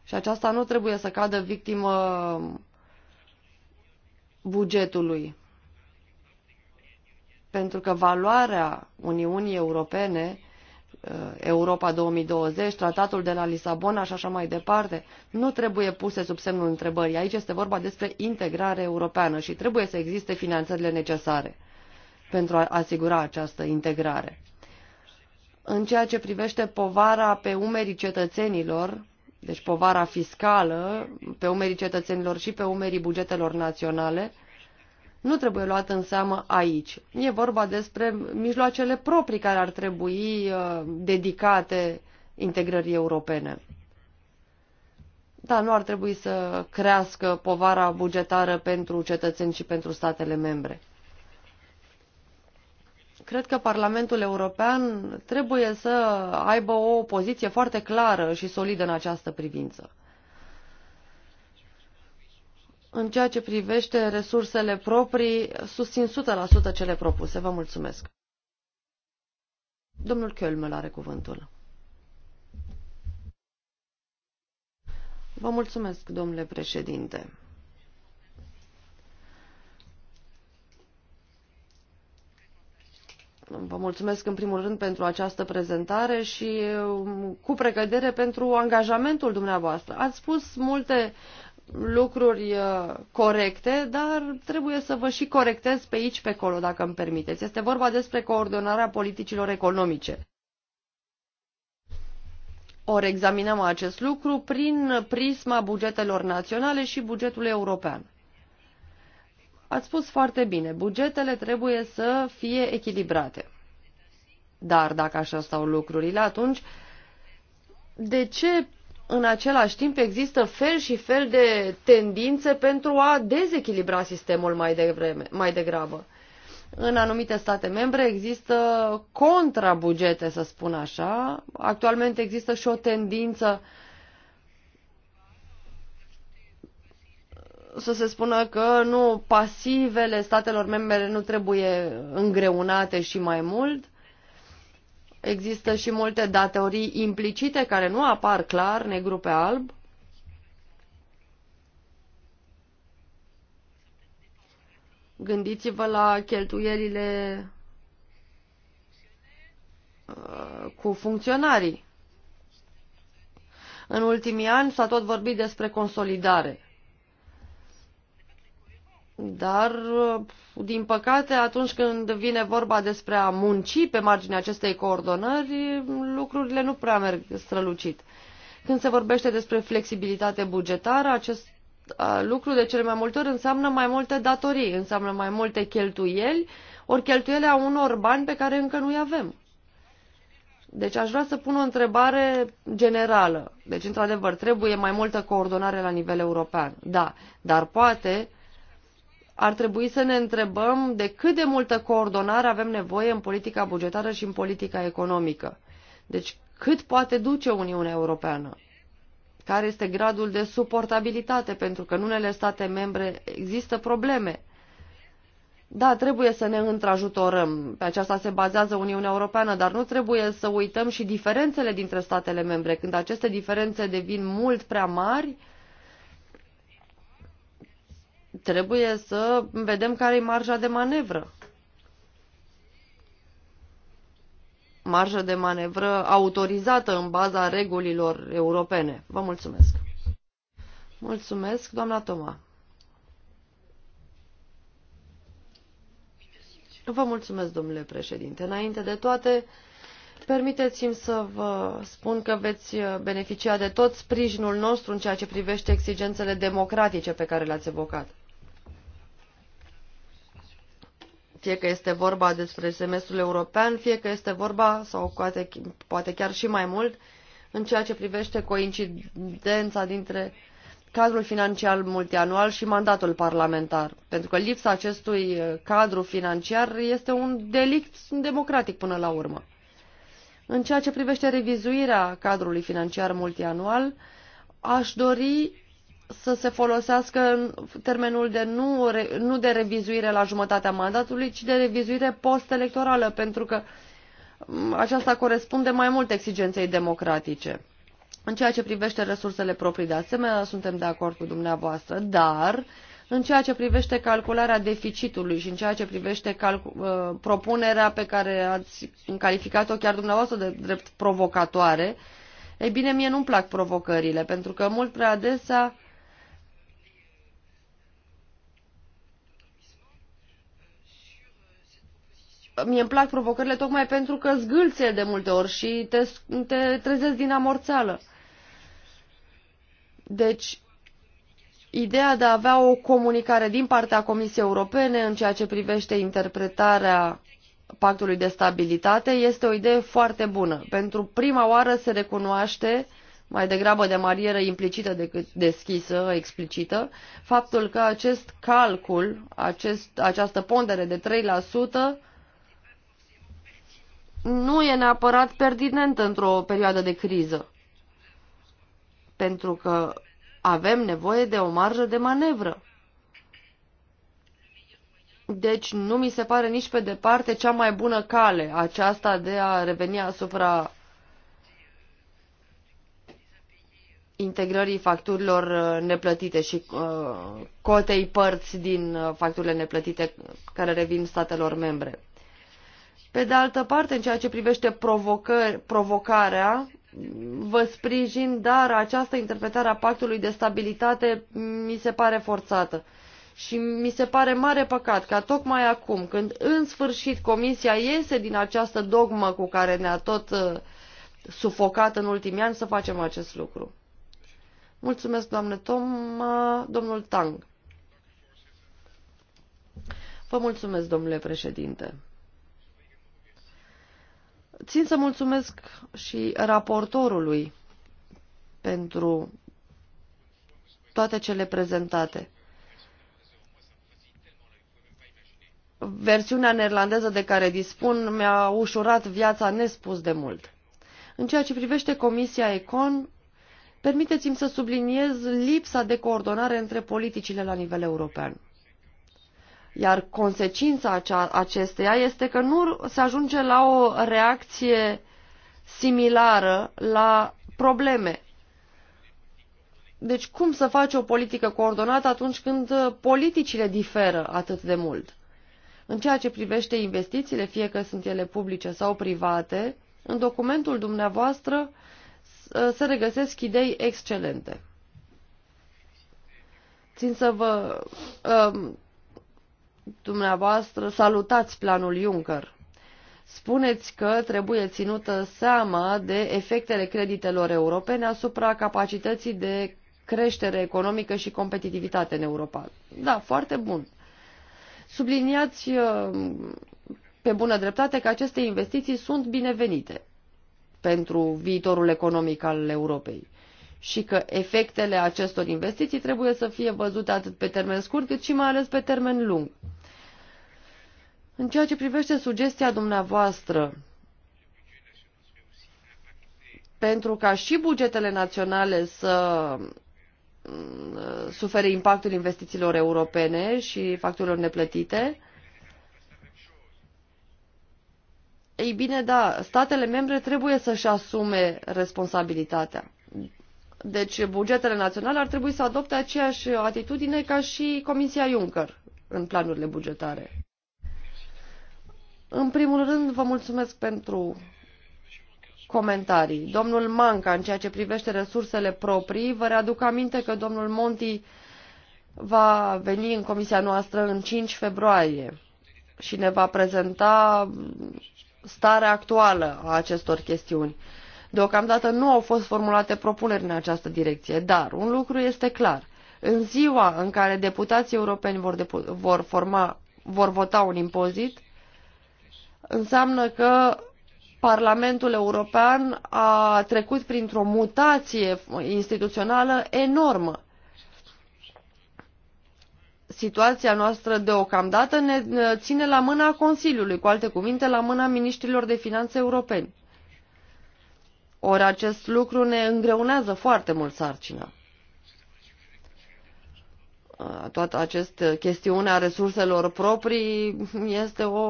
Și aceasta nu trebuie să cadă victimă bugetului. Pentru că valoarea Uniunii Europene Uh, Europa 2020, tratatul de la Lisabona și așa mai departe, nu trebuie puse sub semnul întrebării. Aici este vorba despre integrare europeană și trebuie să existe finanțările necesare pentru a asigura această integrare. În ceea ce privește povara pe umerii cetățenilor, deci povara fiscală pe umerii cetățenilor și pe umerii bugetelor naționale, nu trebuie luată în seamă aici. E vorba despre mijloacele proprii care ar trebui uh, dedicate integrării europene. Da, nu ar trebui să crească povara bugetară pentru cetățeni și pentru statele membre. Cred că Parlamentul European trebuie să aibă o poziție foarte clară și solidă în această privință. În ceea ce privește resursele proprii, susțin 100% cele propuse. Vă mulțumesc. Domnul Kölmel are cuvântul. Vă mulțumesc, domnule președinte. Vă mulțumesc în primul rând pentru această prezentare și um, cu precădere pentru angajamentul dumneavoastră. Ați spus multe lucruri uh, corecte, dar trebuie să vă și corectez pe aici, pe acolo, dacă îmi permiteți. Este vorba despre coordonarea politicilor economice. Ori examinăm acest lucru prin prisma bugetelor naționale și bugetului european. Ați spus foarte bine, bugetele trebuie să fie echilibrate. Dar dacă așa stau lucrurile, atunci de ce în același timp există fel și fel de tendințe pentru a dezechilibra sistemul mai, devreme, mai degrabă. În anumite state membre există contrabugete, să spun așa. Actualmente există și o tendință să se spună că nu pasivele statelor membre nu trebuie îngreunate și mai mult Există și multe datorii implicite care nu apar clar, negru pe alb. Gândiți-vă la cheltuielile uh, cu funcționarii. În ultimii ani s-a tot vorbit despre consolidare. Dar, din păcate, atunci când vine vorba despre a munci pe marginea acestei coordonări, lucrurile nu prea merg strălucit. Când se vorbește despre flexibilitate bugetară, acest lucru de cele mai multe ori înseamnă mai multe datorii, înseamnă mai multe cheltuieli, ori cheltuiele a unor bani pe care încă nu-i avem. Deci aș vrea să pun o întrebare generală. Deci, într-adevăr, trebuie mai multă coordonare la nivel european. Da, dar poate ar trebui să ne întrebăm de cât de multă coordonare avem nevoie în politica bugetară și în politica economică. Deci cât poate duce Uniunea Europeană? Care este gradul de suportabilitate? Pentru că în unele state membre există probleme. Da, trebuie să ne întrajutorăm. Pe aceasta se bazează Uniunea Europeană, dar nu trebuie să uităm și diferențele dintre statele membre. Când aceste diferențe devin mult prea mari, Trebuie să vedem care e marja de manevră. Marja de manevră autorizată în baza regulilor europene. Vă mulțumesc. Mulțumesc, doamna Toma. Vă mulțumesc, domnule președinte. Înainte de toate, permiteți-mi să vă spun că veți beneficia de tot sprijinul nostru în ceea ce privește exigențele democratice pe care le-ați evocat. fie că este vorba despre semestrul european, fie că este vorba, sau poate, poate chiar și mai mult, în ceea ce privește coincidența dintre cadrul financiar multianual și mandatul parlamentar. Pentru că lipsa acestui uh, cadru financiar este un delict democratic până la urmă. În ceea ce privește revizuirea cadrului financiar multianual, aș dori să se folosească termenul de nu, nu de revizuire la jumătatea mandatului, ci de revizuire post-electorală, pentru că mm, aceasta corespunde mai mult exigenței democratice. În ceea ce privește resursele proprii, de asemenea, suntem de acord cu dumneavoastră, dar în ceea ce privește calcularea deficitului și în ceea ce privește uh, propunerea pe care ați calificat-o chiar dumneavoastră de drept provocatoare, ei bine, mie nu-mi plac provocările, pentru că mult prea adesea mie îmi plac provocările tocmai pentru că zgâlție de multe ori și te, te trezești din amorțeală. Deci, ideea de a avea o comunicare din partea Comisiei Europene în ceea ce privește interpretarea pactului de stabilitate este o idee foarte bună. Pentru prima oară se recunoaște mai degrabă de marieră implicită decât deschisă, explicită, faptul că acest calcul, acest, această pondere de nu e neapărat pertinentă într-o perioadă de criză. Pentru că avem nevoie de o marjă de manevră. Deci nu mi se pare nici pe departe cea mai bună cale aceasta de a reveni asupra integrării facturilor uh, neplătite și uh, cotei părți din uh, facturile neplătite care revin statelor membre. Pe de altă parte, în ceea ce privește provocarea, vă sprijin, dar această interpretare a pactului de stabilitate mi se pare forțată. Și mi se pare mare păcat ca tocmai acum, când în sfârșit Comisia iese din această dogmă cu care ne-a tot uh, sufocat în ultimii ani, să facem acest lucru. Mulțumesc, doamne Tom, domnul Tang. Vă mulțumesc, domnule președinte. Țin să mulțumesc și raportorului pentru toate cele prezentate. Versiunea neerlandeză de care dispun mi-a ușurat viața nespus de mult. În ceea ce privește Comisia Econ, permiteți-mi să subliniez lipsa de coordonare între politicile la nivel european. Iar consecința acesteia este că nu se ajunge la o reacție similară la probleme. Deci cum să faci o politică coordonată atunci când politicile diferă atât de mult? În ceea ce privește investițiile, fie că sunt ele publice sau private, în documentul dumneavoastră se regăsesc idei excelente. Țin să vă um, dumneavoastră salutați planul Juncker. Spuneți că trebuie ținută seama de efectele creditelor europene asupra capacității de creștere economică și competitivitate în Europa. Da, foarte bun. Subliniați uh, pe bună dreptate că aceste investiții sunt binevenite pentru viitorul economic al Europei și că efectele acestor investiții trebuie să fie văzute atât pe termen scurt cât și mai ales pe termen lung. În ceea ce privește sugestia dumneavoastră, pentru ca și bugetele naționale să mm, sufere impactul investițiilor europene și facturilor neplătite, ei bine, da, statele membre trebuie să-și asume responsabilitatea. Deci bugetele naționale ar trebui să adopte aceeași atitudine ca și Comisia Juncker în planurile bugetare. În primul rând, vă mulțumesc pentru comentarii. Domnul Manca, în ceea ce privește resursele proprii, vă readuc aminte că domnul Monti va veni în comisia noastră în 5 februarie și ne va prezenta starea actuală a acestor chestiuni. Deocamdată nu au fost formulate propuneri în această direcție, dar un lucru este clar. În ziua în care deputații europeni vor, depu- vor, forma, vor vota un impozit, înseamnă că Parlamentul European a trecut printr-o mutație instituțională enormă. Situația noastră deocamdată ne ține la mâna Consiliului, cu alte cuvinte, la mâna ministrilor de finanțe europeni. Ori acest lucru ne îngreunează foarte mult sarcina toată această chestiune a resurselor proprii este o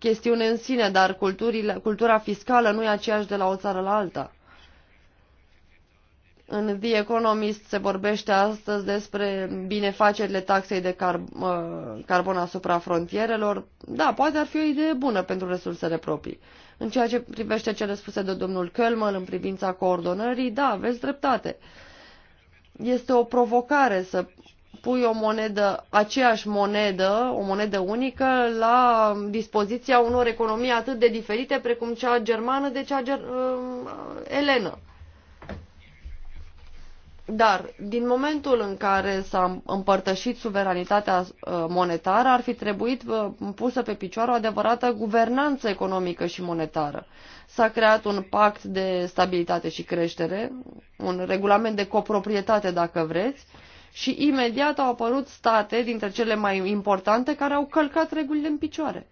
chestiune în sine, dar culturile, cultura fiscală nu e aceeași de la o țară la alta. În The Economist se vorbește astăzi despre binefacerile taxei de car carbon asupra frontierelor. Da, poate ar fi o idee bună pentru resursele proprii. În ceea ce privește cele spuse de domnul Kölmel în privința coordonării, da, aveți dreptate. Este o provocare să pui o monedă, aceeași monedă, o monedă unică, la dispoziția unor economii atât de diferite precum cea germană de cea ger- uh, elenă. Dar, din momentul în care s-a împărtășit suveranitatea uh, monetară, ar fi trebuit uh, pusă pe picioare o adevărată guvernanță economică și monetară. S-a creat un pact de stabilitate și creștere, un regulament de coproprietate, dacă vreți, și imediat au apărut state dintre cele mai importante care au călcat regulile în picioare.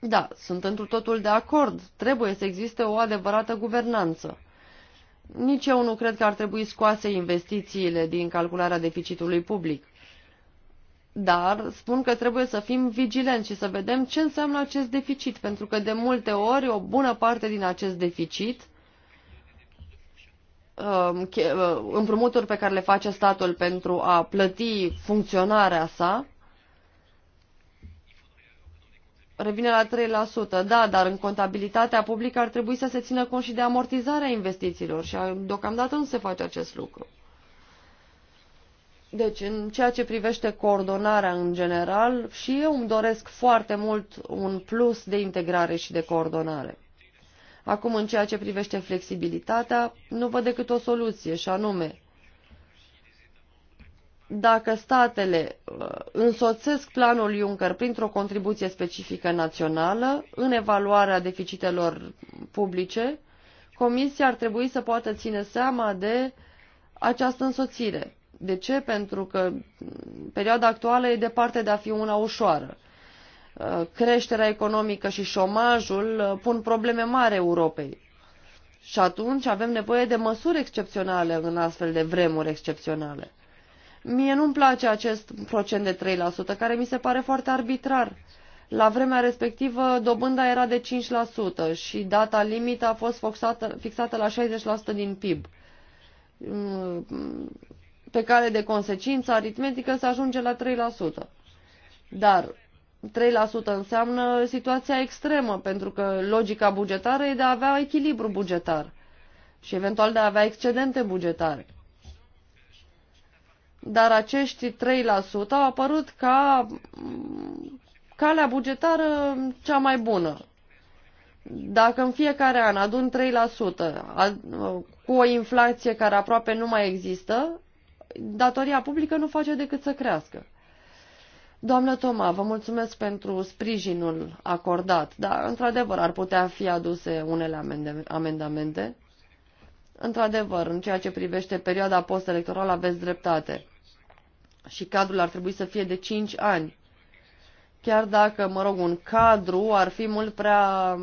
Da, sunt întru totul de acord. Trebuie să existe o adevărată guvernanță. Nici eu nu cred că ar trebui scoase investițiile din calcularea deficitului public. Dar spun că trebuie să fim vigilenți și să vedem ce înseamnă acest deficit, pentru că de multe ori o bună parte din acest deficit Um, uh, împrumuturi pe care le face statul pentru a plăti funcționarea sa revine la 3%. Da, dar în contabilitatea publică ar trebui să se țină cont și de amortizarea investițiilor și deocamdată nu se face acest lucru. Deci, în ceea ce privește coordonarea în general, și eu îmi doresc foarte mult un plus de integrare și de coordonare. Acum, în ceea ce privește flexibilitatea, nu văd decât o soluție, și anume, dacă statele uh, însoțesc planul Juncker printr-o contribuție specifică națională în evaluarea deficitelor publice, Comisia ar trebui să poată ține seama de această însoțire. De ce? Pentru că perioada actuală e departe de a fi una ușoară creșterea economică și șomajul uh, pun probleme mari Europei. Și atunci avem nevoie de măsuri excepționale în astfel de vremuri excepționale. Mie nu-mi place acest procent de 3%, care mi se pare foarte arbitrar. La vremea respectivă, dobânda era de 5% și data limită a fost fixată, fixată la 60% din PIB, mm, pe care de consecință aritmetică se ajunge la 3%. Dar 3% înseamnă situația extremă, pentru că logica bugetară e de a avea echilibru bugetar și eventual de a avea excedente bugetare. Dar acești 3% au apărut ca mm, calea bugetară cea mai bună. Dacă în fiecare an adun 3% cu o inflație care aproape nu mai există, datoria publică nu face decât să crească. Doamnă Toma, vă mulțumesc pentru sprijinul acordat, dar într-adevăr ar putea fi aduse unele amendamente. Într-adevăr, în ceea ce privește perioada post electorală, aveți dreptate și cadrul ar trebui să fie de 5 ani. Chiar dacă, mă rog, un cadru ar fi mult prea...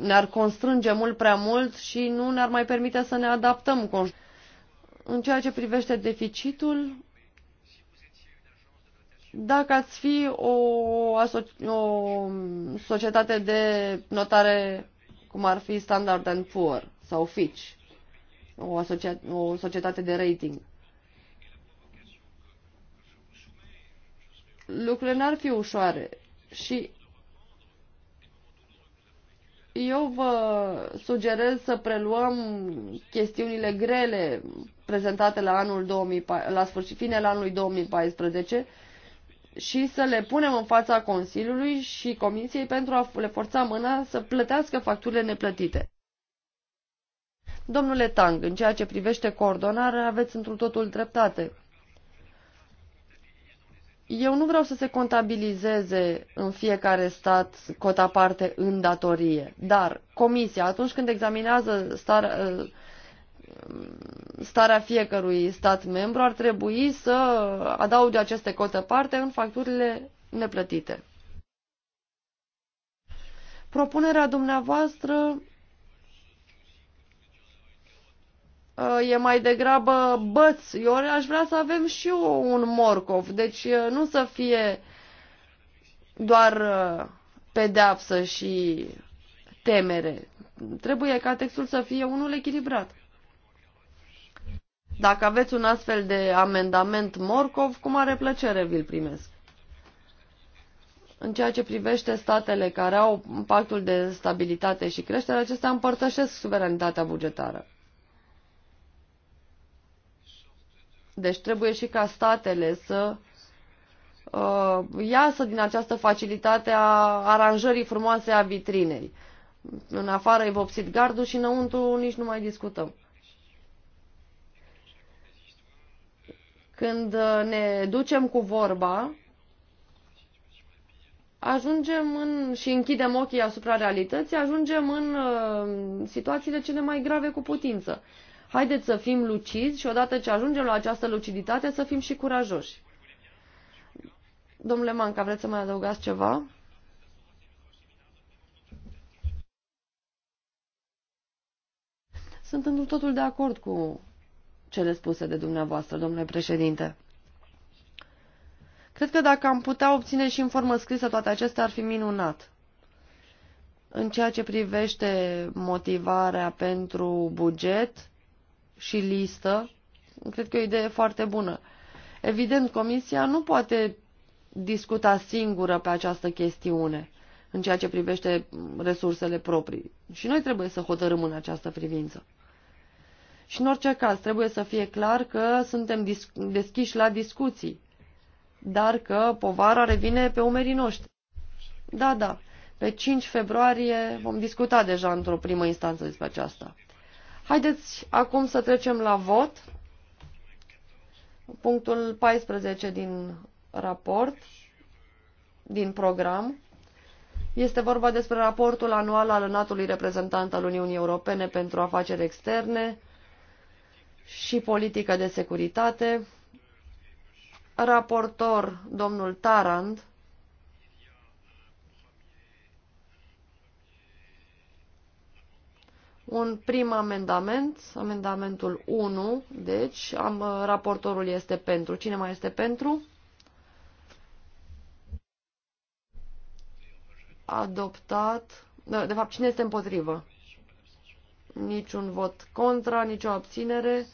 ne-ar constrânge mult prea mult și nu ne-ar mai permite să ne adaptăm. În ceea ce privește deficitul, dacă ați fi o, o societate de notare cum ar fi Standard and Poor sau Fitch, o, o societate de rating, lucrurile n-ar fi ușoare și eu vă sugerez să preluăm chestiunile grele prezentate la anul 2000, la sfârșit, finele anului 2014 și să le punem în fața Consiliului și Comisiei pentru a le forța mâna să plătească facturile neplătite. Domnule Tang, în ceea ce privește coordonarea, aveți într totul dreptate. Eu nu vreau să se contabilizeze în fiecare stat cota parte în datorie, dar Comisia, atunci când examinează starea, starea fiecărui stat membru ar trebui să adauge aceste cote parte în facturile neplătite. Propunerea dumneavoastră uh, e mai degrabă băț. Eu aș vrea să avem și eu un morcov, deci uh, nu să fie doar uh, pedeapsă și temere. Trebuie ca textul să fie unul echilibrat. Dacă aveți un astfel de amendament morcov, cu mare plăcere vi-l primesc. În ceea ce privește statele care au pactul de stabilitate și creștere, acestea împărtășesc suveranitatea bugetară. Deci trebuie și ca statele să uh, iasă din această facilitate a aranjării frumoase a vitrinei. În afară e vopsit gardul și înăuntru nici nu mai discutăm. Când uh, ne ducem cu vorba, ajungem în, și închidem ochii asupra realității, ajungem în uh, situațiile cele mai grave cu putință. Haideți să fim lucizi și odată ce ajungem la această luciditate să fim și curajoși. Domnule Manca, vreți să mai adăugați ceva? Sunt într totul de acord cu cele spuse de dumneavoastră, domnule președinte. Cred că dacă am putea obține și în formă scrisă toate acestea, ar fi minunat. În ceea ce privește motivarea pentru buget și listă, cred că e o idee foarte bună. Evident, Comisia nu poate discuta singură pe această chestiune în ceea ce privește resursele proprii. Și noi trebuie să hotărâm în această privință. Și în orice caz trebuie să fie clar că suntem deschiși la discuții, dar că povara revine pe umerii noștri. Da, da, pe 5 februarie vom discuta deja într-o primă instanță despre aceasta. Haideți acum să trecem la vot. Punctul 14 din raport, din program. Este vorba despre raportul anual al înaltului reprezentant al Uniunii Europene pentru afaceri externe și politică de securitate, raportor domnul Tarand, un prim amendament, amendamentul 1, deci am, raportorul este pentru. Cine mai este pentru? Adoptat. Da, de fapt, cine este împotrivă? Niciun vot contra, nicio abținere.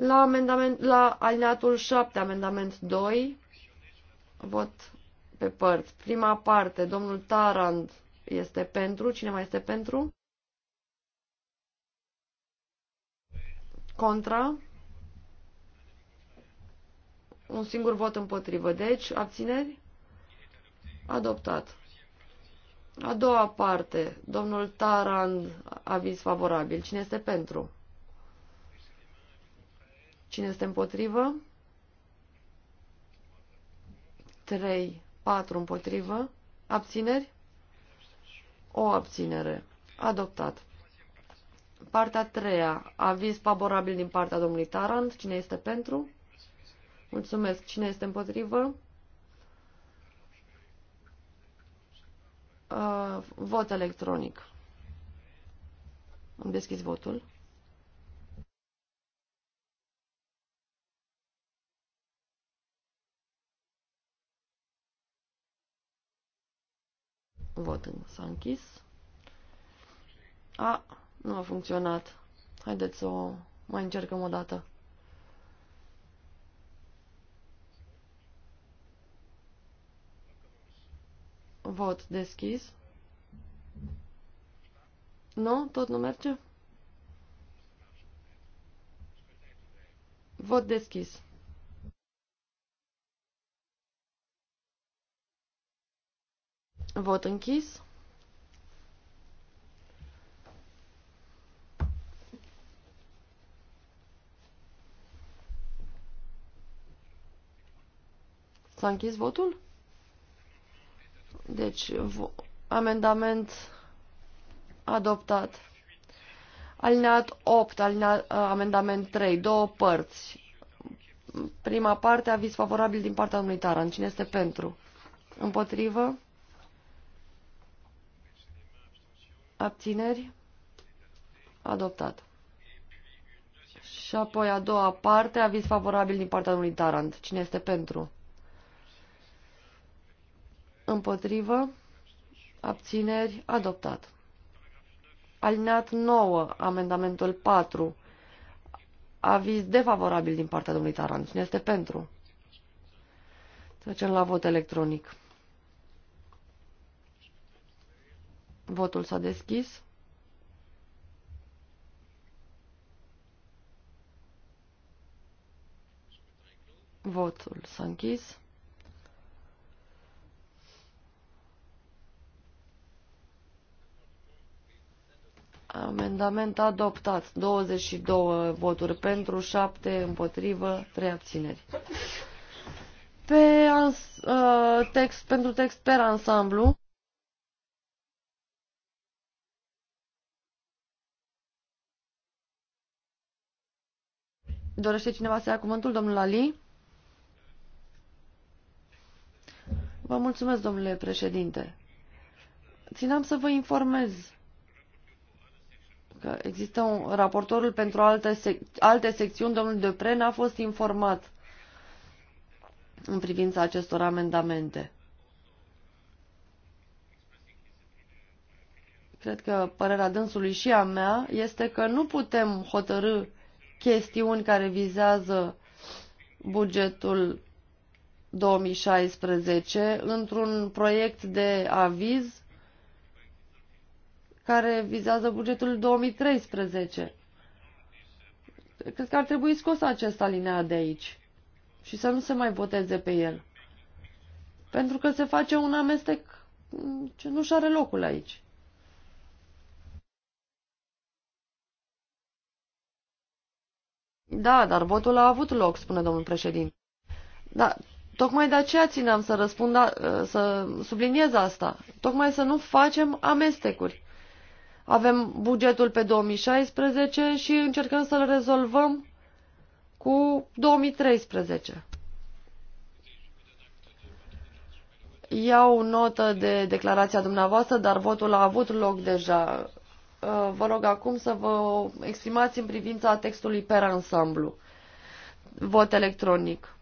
La, amendament, la alineatul 7, amendament 2, vot pe părți. Prima parte, domnul Tarand este pentru. Cine mai este pentru? Contra. Un singur vot împotrivă. Deci, abțineri? Adoptat. A doua parte, domnul Tarand, aviz favorabil. Cine este pentru? Cine este împotrivă? 3, 4 împotrivă. Abțineri? O abținere. Adoptat. Partea a treia. Aviz favorabil din partea domnului Tarant. Cine este pentru? Mulțumesc. Cine este împotrivă? Uh, vot electronic. Am deschis votul. Votăm. S-a închis. A, nu a funcționat. Haideți să o mai încercăm o dată. Vot deschis. Nu? Tot nu merge? Vot deschis. Vot închis. S-a închis votul? Deci, vo amendament adoptat. Alineat 8, alineat, amendament 3, două părți. Prima parte, aviz favorabil din partea unui Taran. Cine este pentru? Împotrivă? Abțineri? Adoptat. Și apoi a doua parte, aviz favorabil din partea lui Tarant. Cine este pentru? Împotrivă? Abțineri? Adoptat. Alineat 9, amendamentul 4. Aviz defavorabil din partea domnului Taran. Cine este pentru? Trecem la vot electronic. Votul s-a deschis. Votul s-a închis. Amendament adoptat. 22 voturi pentru, 7 împotrivă, 3 abțineri. Pe ans, uh, text, pentru text per ansamblu, Dorește cineva să ia cuvântul, domnul Ali? Vă mulțumesc, domnule președinte. Țineam să vă informez că există un raportorul pentru alte, sec, alte secțiuni, domnul Depre, n-a fost informat în privința acestor amendamente. Cred că părerea dânsului și a mea este că nu putem hotărâ chestiuni care vizează bugetul 2016 într-un proiect de aviz care vizează bugetul 2013. Cred că ar trebui scos acest alineat de aici și să nu se mai voteze pe el. Pentru că se face un amestec ce nu și are locul aici. Da, dar votul a avut loc, spune domnul președinte. Da, tocmai de aceea țineam să răspund, a, da, să subliniez asta. Tocmai să nu facem amestecuri. Avem bugetul pe 2016 și încercăm să-l rezolvăm cu 2013. Iau notă de declarația dumneavoastră, dar votul a avut loc deja Uh, vă rog acum să vă exprimați în privința textului per ansamblu. Vot electronic.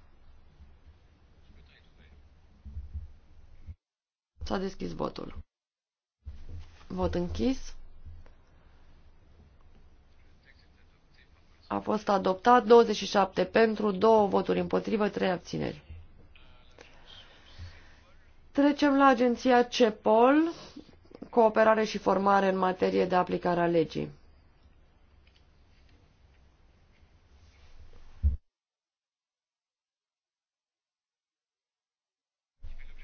S-a deschis votul. Vot închis. A fost adoptat 27 pentru, 2 voturi împotrivă, 3 abțineri. Trecem la agenția CEPOL cooperare și formare în materie de aplicare a legii.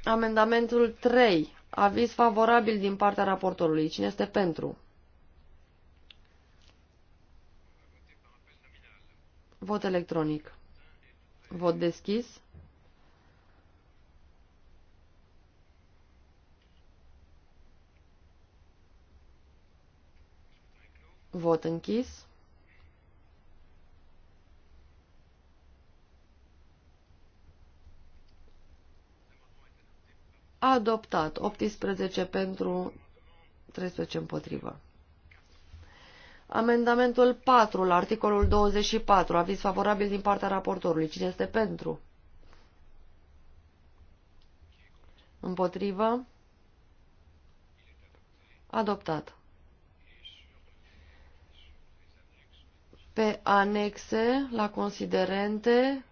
Amendamentul 3. Aviz favorabil din partea raportorului. Cine este pentru? Vot electronic. Vot deschis. Vot închis. A Adoptat. 18 pentru, 13 împotrivă. Amendamentul 4 la articolul 24. Aviz favorabil din partea raportorului. Cine este pentru? Împotrivă? Adoptat. Pe anexe, la considerente,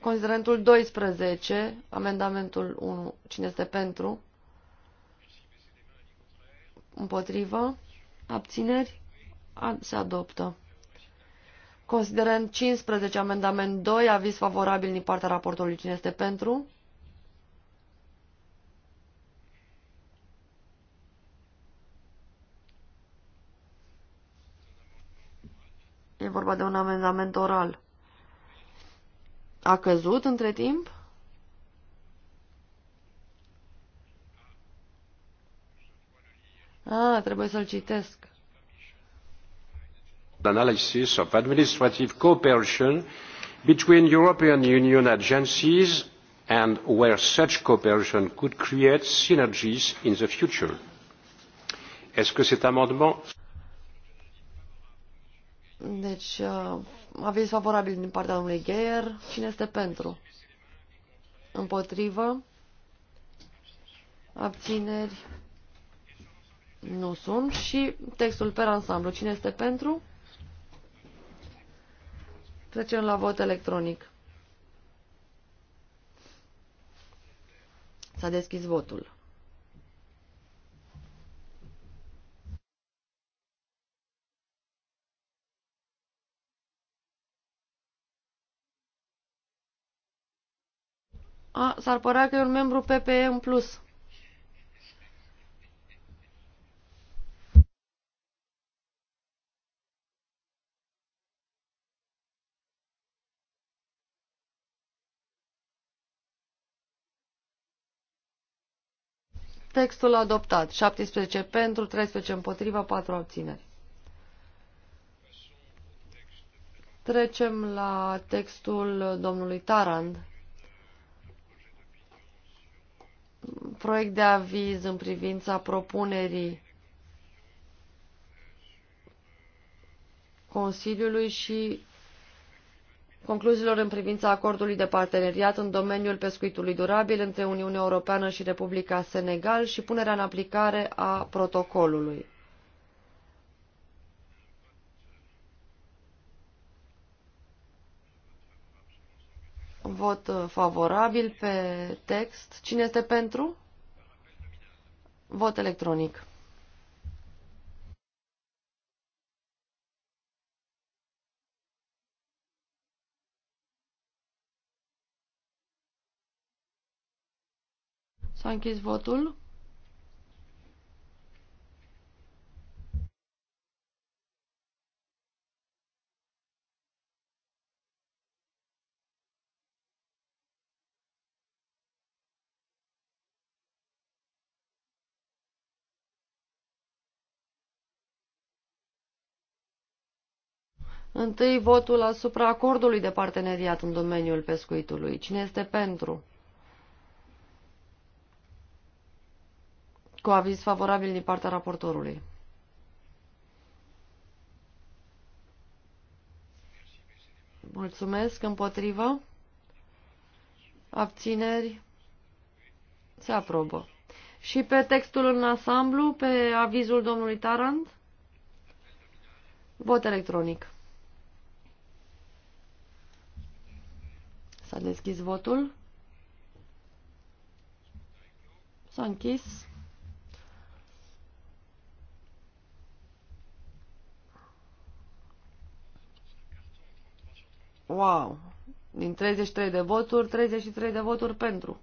considerentul 12, amendamentul 1, cine este pentru? Împotrivă? Abțineri? Se adoptă. Considerent 15, amendament 2, aviz favorabil din partea raportului. Cine este pentru? E vorba de un amendament oral. A căzut între timp? Ah, trebuie să-l citesc. Analysis of administrative cooperation between European Union agencies and where such cooperation could create synergies in the future. Est-ce que cet amendement deci, uh, aviz favorabil din partea domnului Geier. Cine este pentru? Împotrivă? Abțineri? Nu sunt. Și textul per ansamblu. Cine este pentru? Trecem la vot electronic. S-a deschis votul. A, s-ar părea că e un membru PPE în plus. Textul adoptat. 17 pentru, 13 împotriva, 4 abțineri. Trecem la textul domnului Tarand. proiect de aviz în privința propunerii Consiliului și concluziilor în privința acordului de parteneriat în domeniul pescuitului durabil între Uniunea Europeană și Republica Senegal și punerea în aplicare a protocolului. Vot favorabil pe text. Cine este pentru? Vot electronic. S-a închis votul. Întâi votul asupra acordului de parteneriat în domeniul pescuitului. Cine este pentru? Cu aviz favorabil din partea raportorului. Mulțumesc. Împotrivă? Abțineri? Se aprobă. Și pe textul în ansamblu, pe avizul domnului Tarant? Vot electronic. S-a deschis votul. S-a închis. Wow! Din 33 de voturi, 33 de voturi pentru.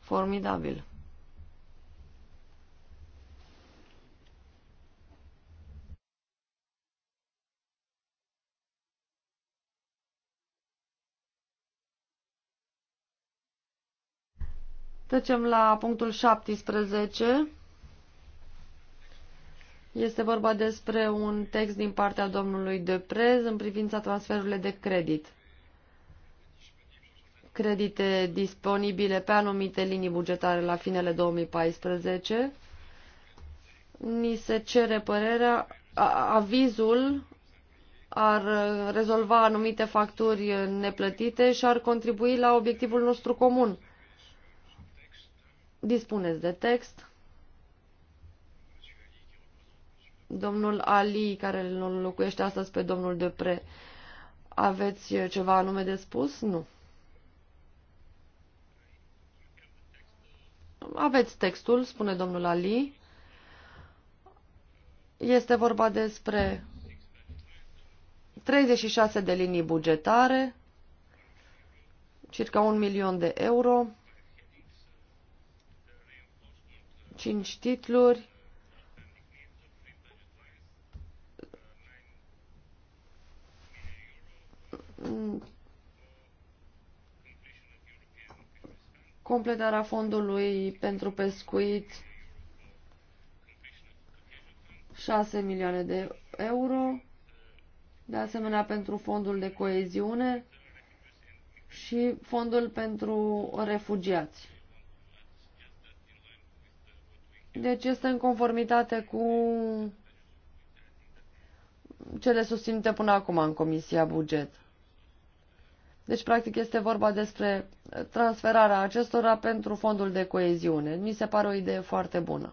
Formidabil. Trecem la punctul 17. Este vorba despre un text din partea domnului prez în privința transferurilor de credit. Credite disponibile pe anumite linii bugetare la finele 2014. Ni se cere părerea, avizul ar rezolva anumite facturi neplătite și ar contribui la obiectivul nostru comun – Dispuneți de text. Domnul Ali, care îl locuiește astăzi pe domnul Depre, aveți ceva anume de spus? Nu. Aveți textul, spune domnul Ali. Este vorba despre 36 de linii bugetare, circa un milion de euro. Cinci titluri. Completarea fondului pentru pescuit 6 milioane de euro, de asemenea pentru fondul de coeziune și fondul pentru refugiați. Deci este în conformitate cu cele susținute până acum în Comisia Buget. Deci, practic, este vorba despre transferarea acestora pentru fondul de coeziune. Mi se pare o idee foarte bună.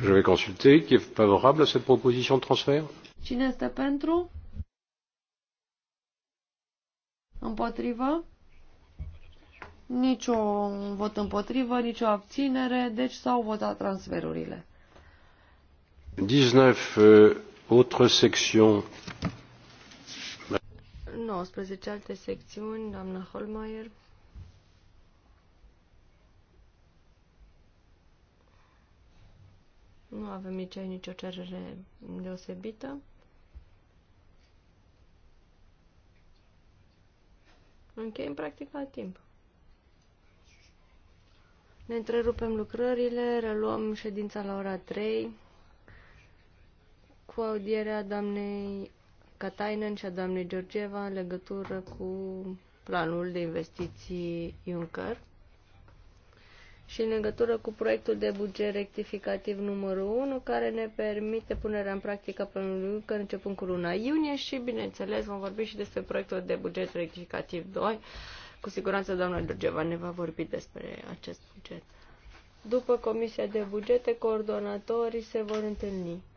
Je vais consulter qui est favorable à cette proposition de transfert. Cine este pentru? Împotrivă? Niciun vot împotrivă, nicio abținere, deci s-au votat transferurile. 19 uh, autres sections. 19 alte secțiuni, doamna Holmeier. Nu avem nici aici nicio cerere deosebită. Încheiem practic la timp. Ne întrerupem lucrările, reluăm ședința la ora 3 cu audierea doamnei Katainen și a doamnei Georgieva în legătură cu planul de investiții Juncker și în legătură cu proiectul de buget rectificativ numărul 1, care ne permite punerea în practică planului încă începând cu luna iunie și, bineînțeles, vom vorbi și despre proiectul de buget rectificativ 2. Cu siguranță doamna Durgeva ne va vorbi despre acest buget. După Comisia de Bugete, coordonatorii se vor întâlni.